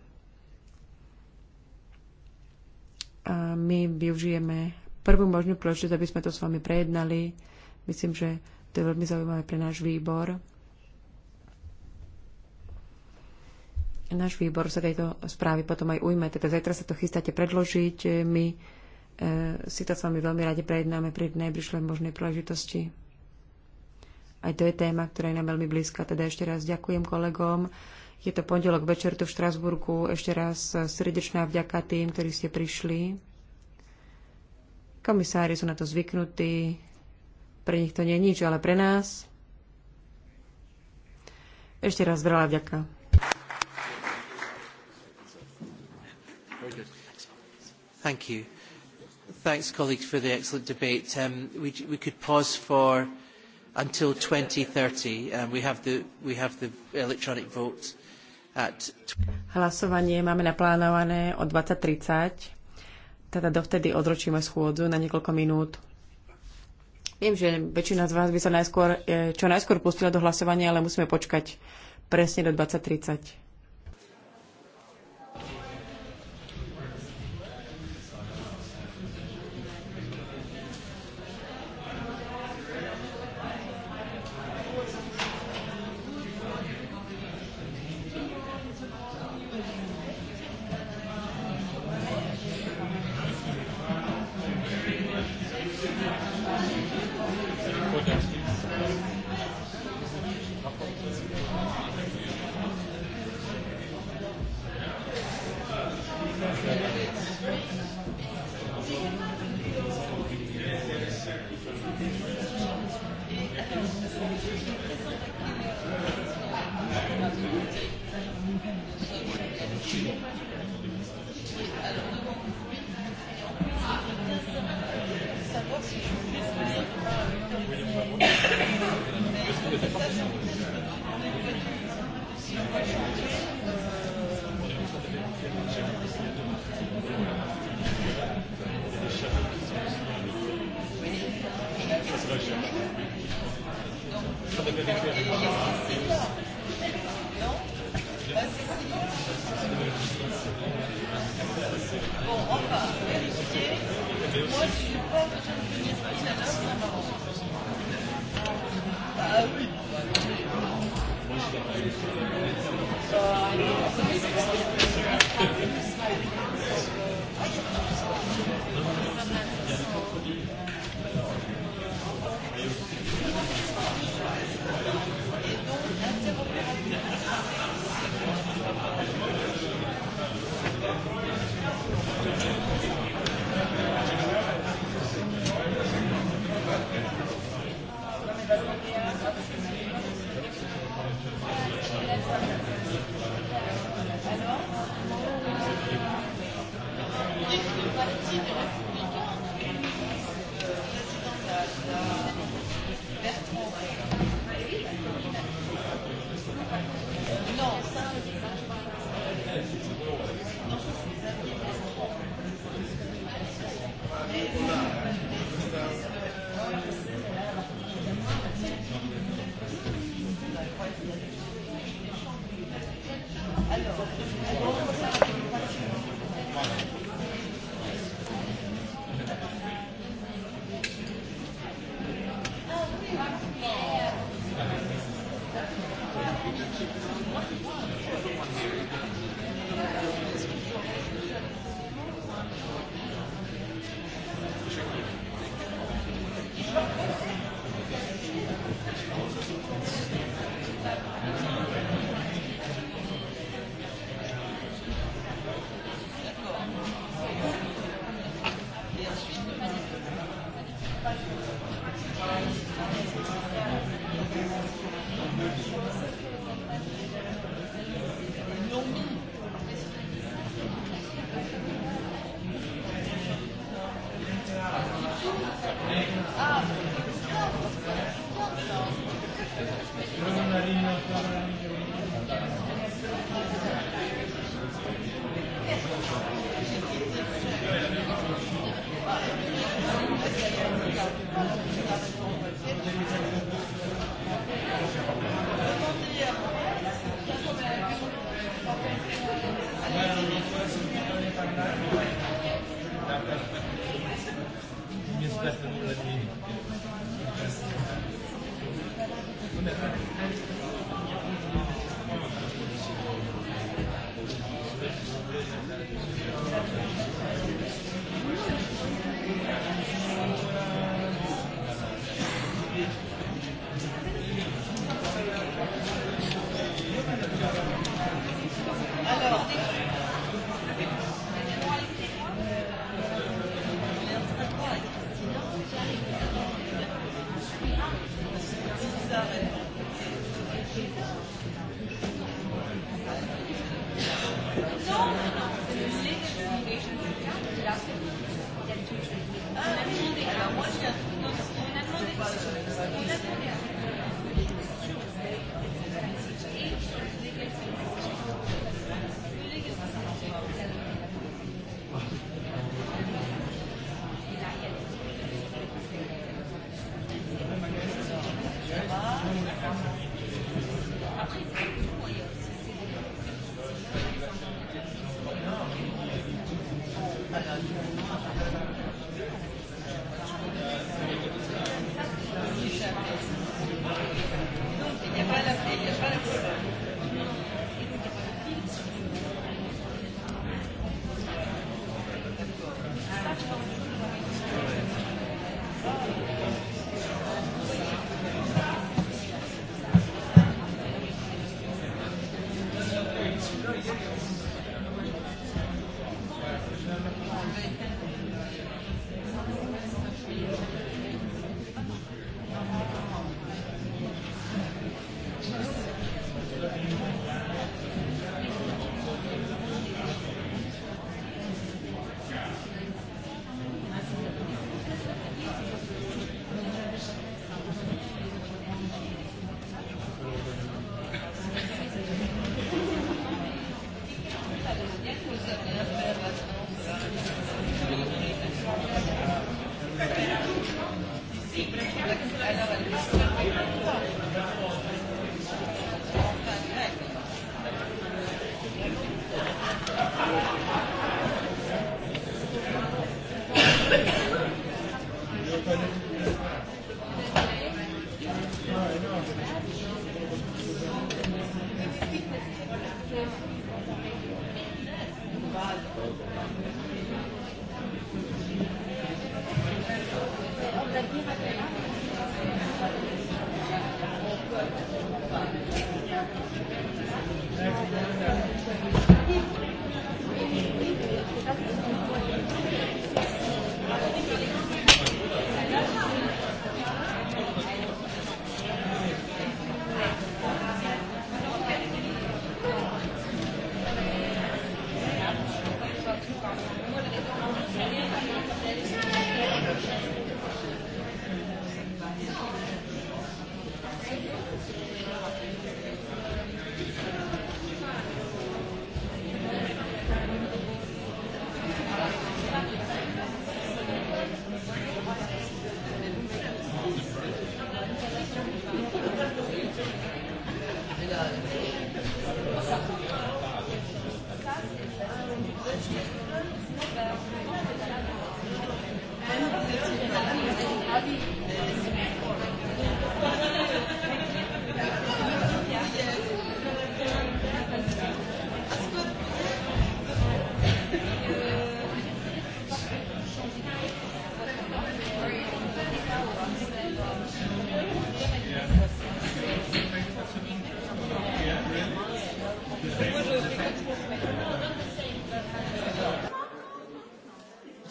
Speaker 2: A my využijeme prvú možnú príležitosť, aby sme to s vami prejednali. Myslím, že to je veľmi zaujímavé pre náš výbor. náš výbor sa tejto správy potom aj ujme. Teda zajtra sa to chystáte predložiť. My e, si to s vami veľmi radi prejednáme pri najbližšej možnej príležitosti. Aj to je téma, ktorá je nám veľmi blízka. Teda ešte raz ďakujem kolegom je to pondelok večer tu v Štrasburku. Ešte raz srdečná vďaka tým, ktorí ste prišli. Komisári sú na to zvyknutí. Pre nich to nie je nič, ale pre nás. Ešte raz veľa vďaka. Thank
Speaker 1: you. Thanks, colleagues, for the excellent debate. Um, we, we could pause for until 2030. Um, we have the, we have the electronic vote.
Speaker 2: Hlasovanie máme naplánované o 20.30, teda dovtedy odročíme schôdzu na niekoľko minút. Viem, že väčšina z vás by sa najskôr, eh, čo najskôr pustila do hlasovania, ale musíme počkať presne do 20.30.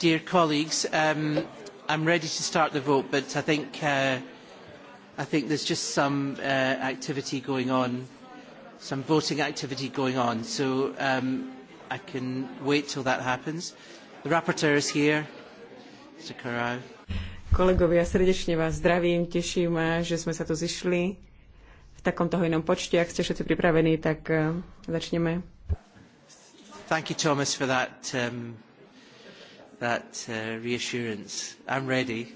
Speaker 1: Dear colleagues, um, I'm ready to start the vote, but I think, uh, I think there's just some uh, activity going on, some voting activity going on, so um, I can wait till that happens. The rapporteur is here, Mr. Carau.
Speaker 2: Kolegovia, srdečne vás zdravím, teším, že sme sa tu zišli v takomto hojnom počte. Ak ste všetci pripravení, tak uh, začneme.
Speaker 1: Thank you, Thomas, for that um, that uh, reassurance. I'm ready.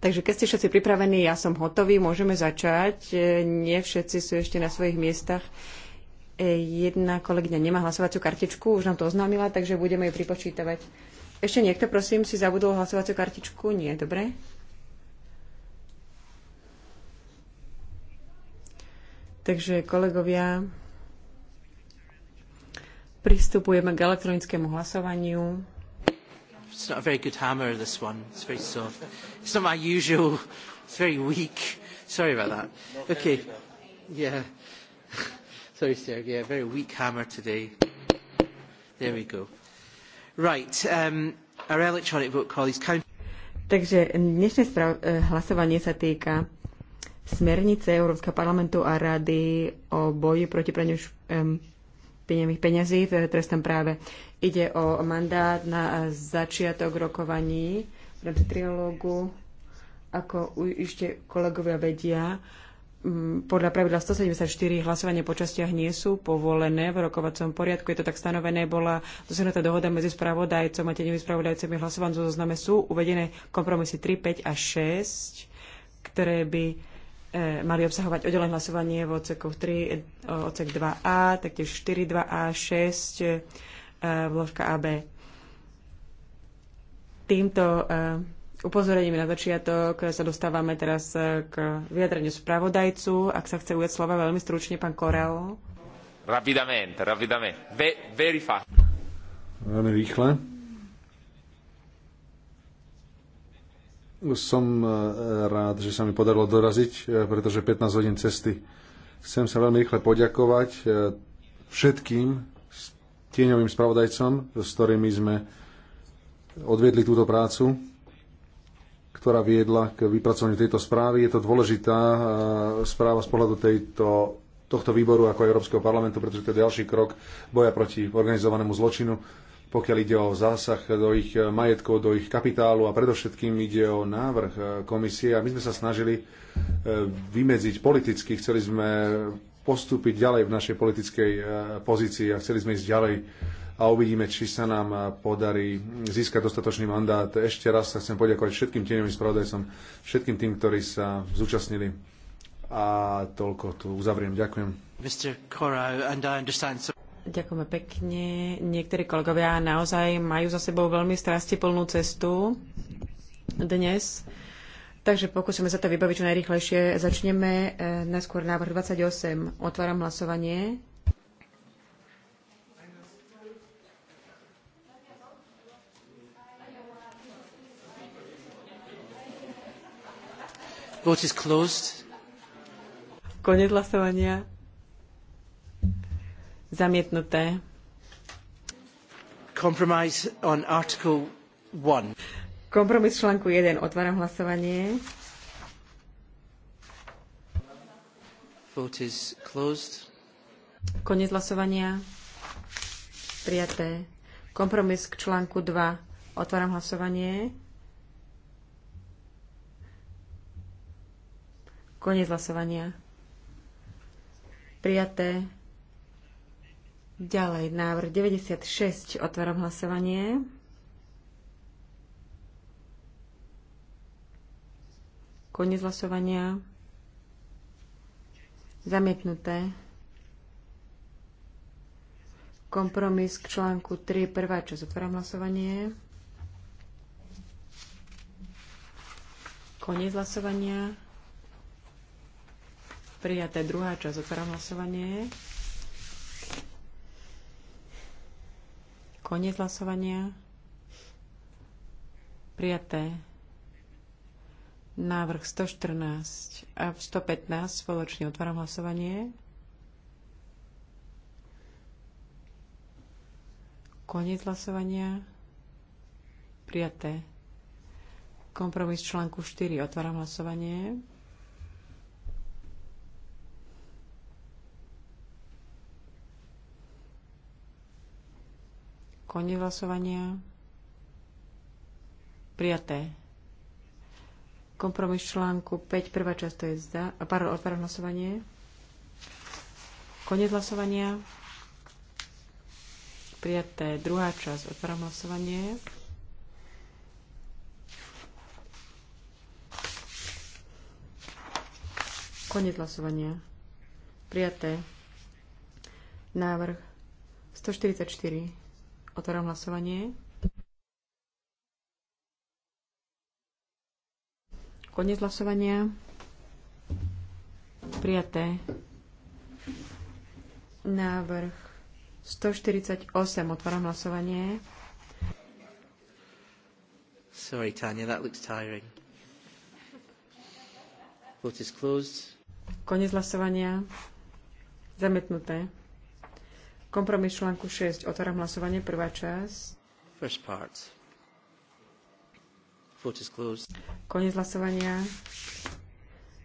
Speaker 2: Takže keď ste všetci pripravení, ja som hotový, môžeme začať. E, nie všetci sú ešte na svojich miestach. E, jedna kolegyňa nemá hlasovaciu kartičku, už nám to oznámila, takže budeme ju pripočítavať. Ešte niekto, prosím, si zabudol hlasovaciu kartičku? Nie, dobre. Takže kolegovia, pristupujeme k elektronickému hlasovaniu.
Speaker 1: It's not a very good hammer, this one. It's very soft. It's not my usual. It's very weak. Sorry about that. Okay. Yeah. Sorry, Sergey. Yeah, very weak hammer today. There we go. Right. Um, our electronic vote, colleagues. Count
Speaker 2: Takže dnešné eh, hlasovanie sa týka smernice Európskeho parlamentu a rady o boji proti praniu um, Peniamých peňazí v trestnom práve. Ide o mandát na začiatok rokovaní v rámci trilógu. Ako ešte kolegovia vedia, podľa pravidla 174 hlasovanie po častiach nie sú povolené v rokovacom poriadku. Je to tak stanovené, bola dosiahnutá dohoda medzi spravodajcom a tenými spravodajcami hlasovaním zo zozname sú uvedené kompromisy 3, 5 a 6, ktoré by E, mali obsahovať oddelené hlasovanie v odsekoch 3, e, odsek 2a, taktiež 4, 2a, 6, vložka AB. Týmto e, upozorením na začiatok sa dostávame teraz k vyjadreniu spravodajcu. Ak sa chce ujať slova veľmi stručne, pán Korel.
Speaker 4: Rapidamente, rapidamente. Ve, very fast.
Speaker 2: Veľmi rýchle.
Speaker 4: Som e, rád, že sa mi podarilo doraziť, e, pretože 15 hodín cesty. Chcem sa veľmi rýchle poďakovať e, všetkým tieňovým spravodajcom, s ktorými sme odviedli túto prácu, ktorá viedla k vypracovaniu tejto správy. Je to dôležitá správa z pohľadu tejto tohto výboru ako Európskeho parlamentu, pretože to je ďalší krok boja proti organizovanému zločinu pokiaľ ide o zásah do ich majetkov, do ich kapitálu a predovšetkým ide o návrh komisie. A my sme sa snažili e, vymedziť politicky, chceli sme postúpiť ďalej v našej politickej e, pozícii a chceli sme ísť ďalej a uvidíme, či sa nám podarí získať dostatočný mandát. Ešte raz sa chcem poďakovať všetkým tieňovým spravodajcom, všetkým tým, ktorí sa zúčastnili. A toľko tu uzavriem. Ďakujem.
Speaker 2: Ďakujeme pekne. Niektorí kolegovia naozaj majú za sebou veľmi strastiplnú cestu dnes. Takže pokúsime sa to vybaviť čo najrychlejšie. Začneme e, najskôr návrh 28. Otváram hlasovanie. Vote is closed. Konec hlasovania. Zamietnuté.
Speaker 1: Compromise on article
Speaker 2: Kompromis článku 1. Otváram hlasovanie.
Speaker 1: Vote is closed.
Speaker 2: Konec hlasovania. Prijaté. Kompromis k článku 2. Otváram hlasovanie. Konec hlasovania. Prijaté. Ďalej, návrh 96. Otváram hlasovanie. Koniec hlasovania. Zamietnuté. Kompromis k článku 3, prvá časť. Otváram hlasovanie. Koniec hlasovania. Prijaté druhá časť. Otváram hlasovanie. Koniec hlasovania. Prijaté. Návrh 114 a 115 spoločne otváram hlasovanie. Koniec hlasovania. Prijaté. Kompromis článku 4. Otváram hlasovanie. Koniec hlasovania. Prijaté. Kompromis článku 5, prvá časť to je A pár, otváram hlasovanie. Koniec hlasovania. Prijaté. Druhá časť. Otváram hlasovanie. Koniec hlasovania. Prijaté. Návrh 144. Otváram hlasovanie. Koniec hlasovania. Prijaté. Návrh 148. Otváram hlasovanie.
Speaker 1: Sorry, Tanya, that looks tiring. Vote is closed.
Speaker 2: Koniec hlasovania. Zametnuté. Kompromis článku 6. Otváram hlasovanie. Prvá časť.
Speaker 1: First part. Vote is closed.
Speaker 2: Koniec hlasovania.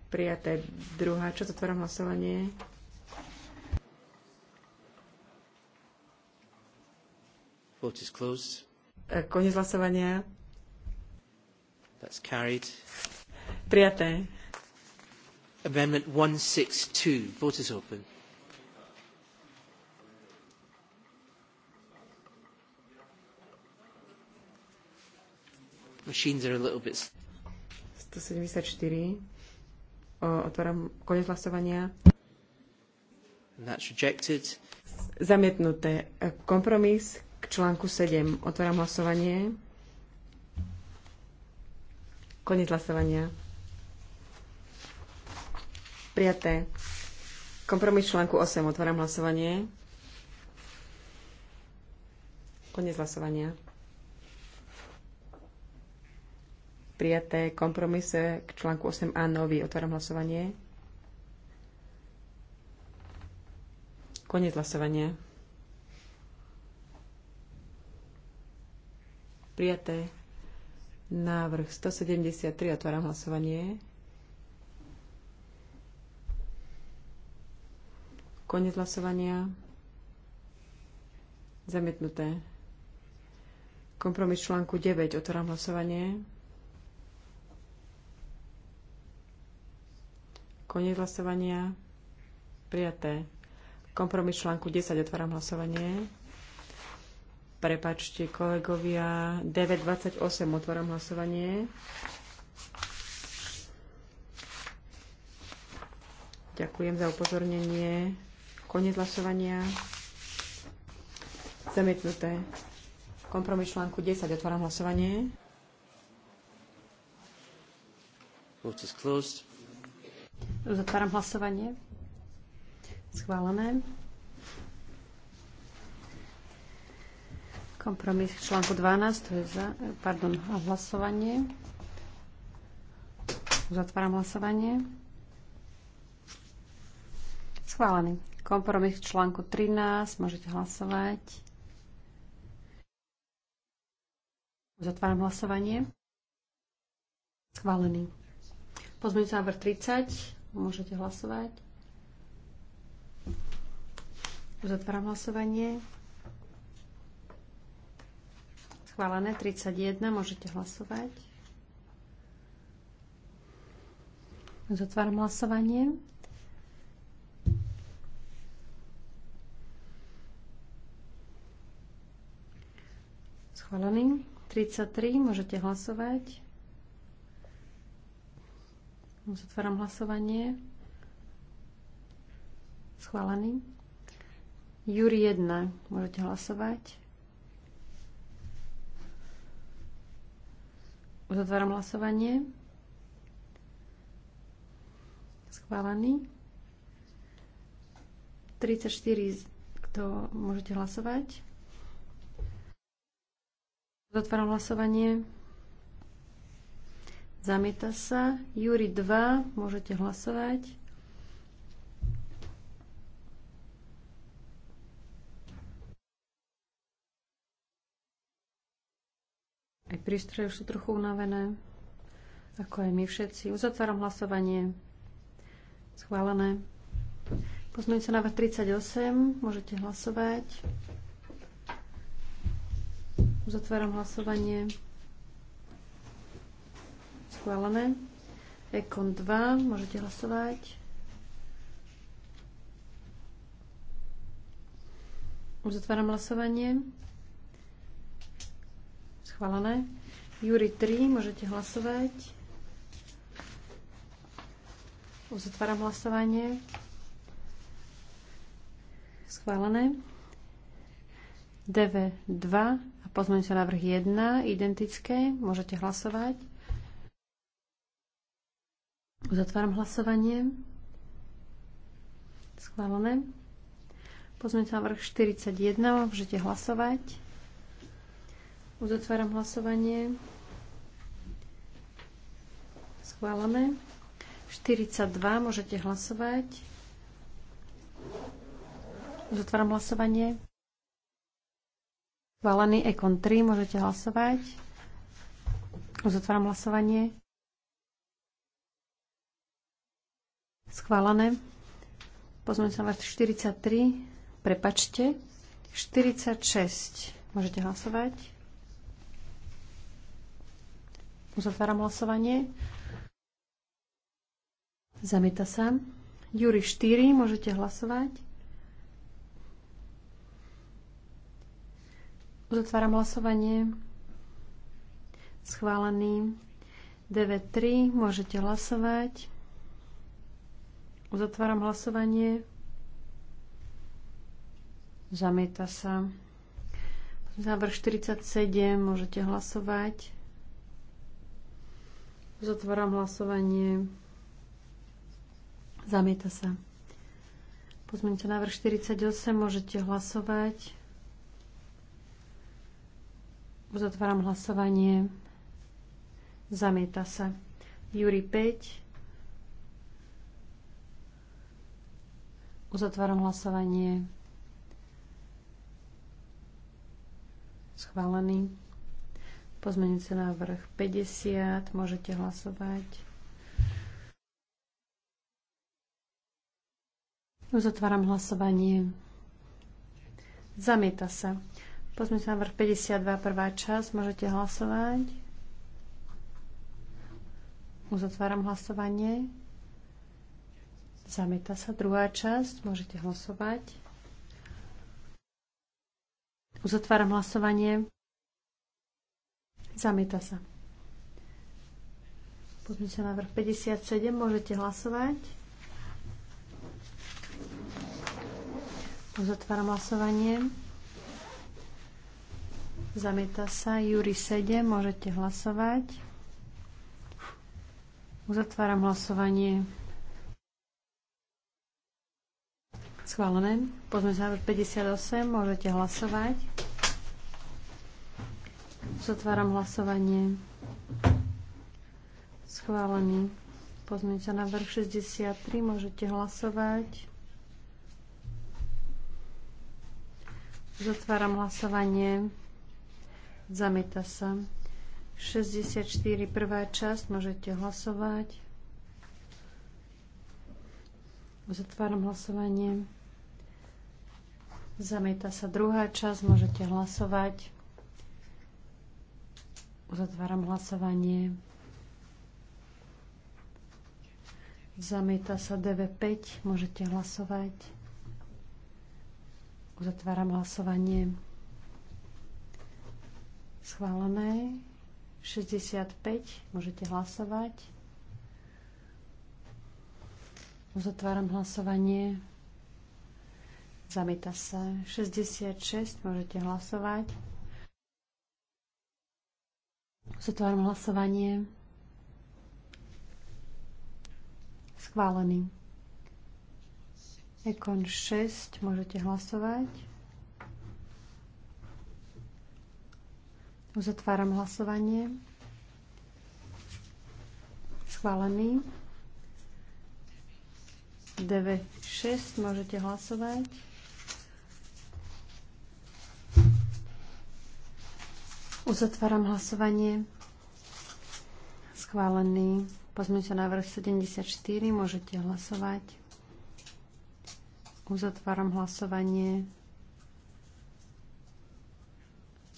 Speaker 2: Prijaté druhá časť. Otváram hlasovanie.
Speaker 1: Vote is closed.
Speaker 2: E, koniec hlasovania.
Speaker 1: That's carried. Prijaté. Amendment 162. Vote is open. Machines are a little bit...
Speaker 2: 174. O, otváram konec hlasovania.
Speaker 1: And that's rejected.
Speaker 2: Zamietnuté. Kompromis k článku 7. Otváram hlasovanie. Konec hlasovania. Prijaté. Kompromis článku 8. Otváram hlasovanie. Konec hlasovania. Prijaté kompromise k článku 8a nový. Otváram hlasovanie. Koniec hlasovania. Prijaté. Návrh 173. Otváram hlasovanie. Koniec hlasovania. Zamietnuté. Kompromis článku 9. Otváram hlasovanie. Koniec hlasovania. Prijaté. Kompromis článku 10. Otváram hlasovanie. Prepačte, kolegovia. 9.28. Otváram hlasovanie. Ďakujem za upozornenie. Koniec hlasovania. Zamietnuté. Kompromis článku 10. Otváram hlasovanie.
Speaker 1: Vote is closed.
Speaker 3: Zatváram hlasovanie. Schválené. Kompromis v článku 12, to je za, pardon, hlasovanie. Zatváram hlasovanie. Schválený. Kompromis v článku 13, môžete hlasovať. Zatváram hlasovanie. Schválený. Pozmeňujúci návrh 30. Môžete hlasovať. Zatváram hlasovanie. Schválené 31. Môžete hlasovať. Zatváram hlasovanie. Schválený. 33. Môžete hlasovať. Zatváram hlasovanie. Schválený. Júri 1. Môžete hlasovať. Uzatváram hlasovanie. Schválený. 34. Kto môžete hlasovať? Zatváram hlasovanie. Zamieta sa. Júri 2, môžete hlasovať. Aj prístroje už sú trochu unavené, ako aj my všetci. Uzatváram hlasovanie. Schválené. Pozmeňujem sa na 38, môžete hlasovať. Uzatváram hlasovanie. Schválené. Ekon 2, môžete hlasovať. zatváram hlasovanie. Schválené. Júri 3, môžete hlasovať. Uzatváram hlasovanie. Schválené. DV 2 a pozmeňujúci návrh 1, identické, môžete hlasovať. Uzatváram hlasovanie. Schválené. Pozmeňte návrh 41. Môžete hlasovať. Uzatváram hlasovanie. Schválené. 42. Môžete hlasovať. Uzatváram hlasovanie. Schválený Ekon 3. Môžete hlasovať. Uzatváram hlasovanie. Schválené. Pozmeň sa 43. Prepačte. 46. Môžete hlasovať. Uzatváram hlasovanie. Zamieta sa. Júri 4. Môžete hlasovať. Uzatváram hlasovanie. Schválený. 9.3. Môžete hlasovať. Uzatváram hlasovanie. Zamieta sa. Závrh 47, môžete hlasovať. Uzatváram hlasovanie. Zamieta sa. Pozmeňte návrh 48, môžete hlasovať. Uzatváram hlasovanie. Zamieta sa. Júri 5, Uzatváram hlasovanie. Schválený. sa návrh 50. Môžete hlasovať. Uzatváram hlasovanie. Zamieta sa. Pozmeňujúci návrh 52, prvá čas. Môžete hlasovať. Uzatváram hlasovanie. Zamieta sa druhá časť. Môžete hlasovať. Uzatváram hlasovanie. Zamieta sa. Poďme sa na vrch 57. Môžete hlasovať. Uzatváram hlasovanie. Zamieta sa. Júri 7. Môžete hlasovať. Uzatváram hlasovanie. Schválené. Poďme sa 58. Môžete hlasovať. Zatváram hlasovanie. Schválený. Pozmeňte sa na vrch 63. Môžete hlasovať. Zatváram hlasovanie. Zamieta sa. 64. Prvá časť. Môžete hlasovať. Zatváram hlasovanie. Zamieta sa druhá časť, môžete hlasovať. Uzatváram hlasovanie. Zamieta sa DV5, môžete hlasovať. Uzatváram hlasovanie. Schválené. 65, môžete hlasovať. Uzatváram hlasovanie. Zamieta sa 66, môžete hlasovať. Zatváram hlasovanie. Schválený. Ekon 6, môžete hlasovať. Uzatváram hlasovanie. Schválený. DV6, môžete hlasovať. Uzatváram hlasovanie. Schválený pozmeňujúci návrh 74. Môžete hlasovať. Uzatváram hlasovanie.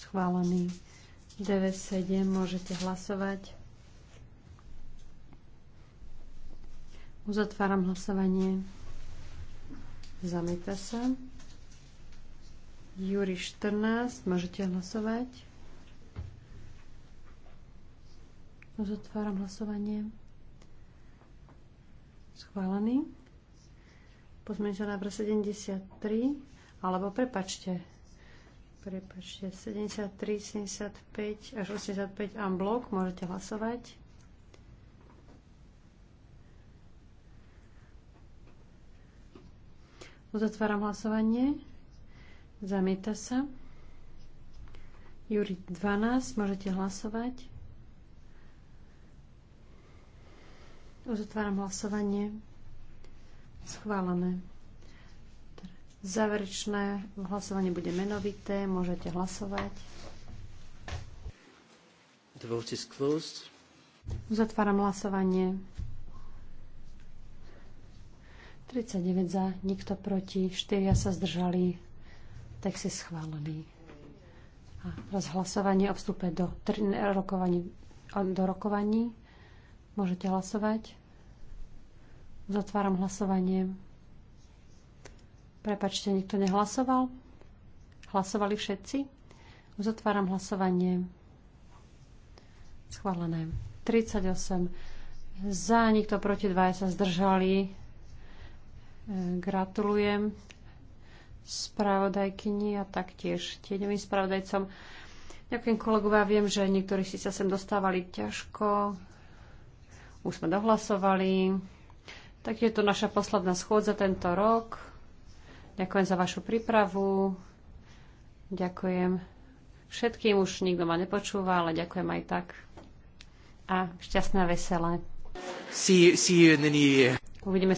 Speaker 3: Schválený. 97. Môžete hlasovať. Uzatváram hlasovanie. Zamieta sa. Júri 14. Môžete hlasovať. Zotváram hlasovanie. Schválený. Pozmeňte návrh 73, alebo prepačte, prepačte, 73, 75 až 85 blok. môžete hlasovať. Uzatváram hlasovanie. Zamieta sa. Juri 12, môžete hlasovať. Uzatváram hlasovanie. Schválené. Záverečné hlasovanie bude menovité. Môžete hlasovať.
Speaker 1: The vote is closed.
Speaker 3: Uzatváram hlasovanie. 39 za, nikto proti, 4 sa zdržali. Text je schválený. A teraz hlasovanie o vstupe do, do rokovaní. Môžete hlasovať. Zatváram hlasovanie. Prepačte, nikto nehlasoval? Hlasovali všetci? Zatváram hlasovanie. Schválené. 38 za, nikto proti, dvaja sa zdržali. E, gratulujem spravodajkyni a taktiež tieňovým spravodajcom. Ďakujem kolegovia, viem, že niektorí si sa sem dostávali ťažko už sme dohlasovali. Tak je to naša posledná schôdza tento rok. Ďakujem za vašu prípravu. Ďakujem všetkým, už nikto ma nepočúva, ale ďakujem aj tak. A šťastné a veselé.
Speaker 4: See you, see you in the new year.
Speaker 3: Uvidíme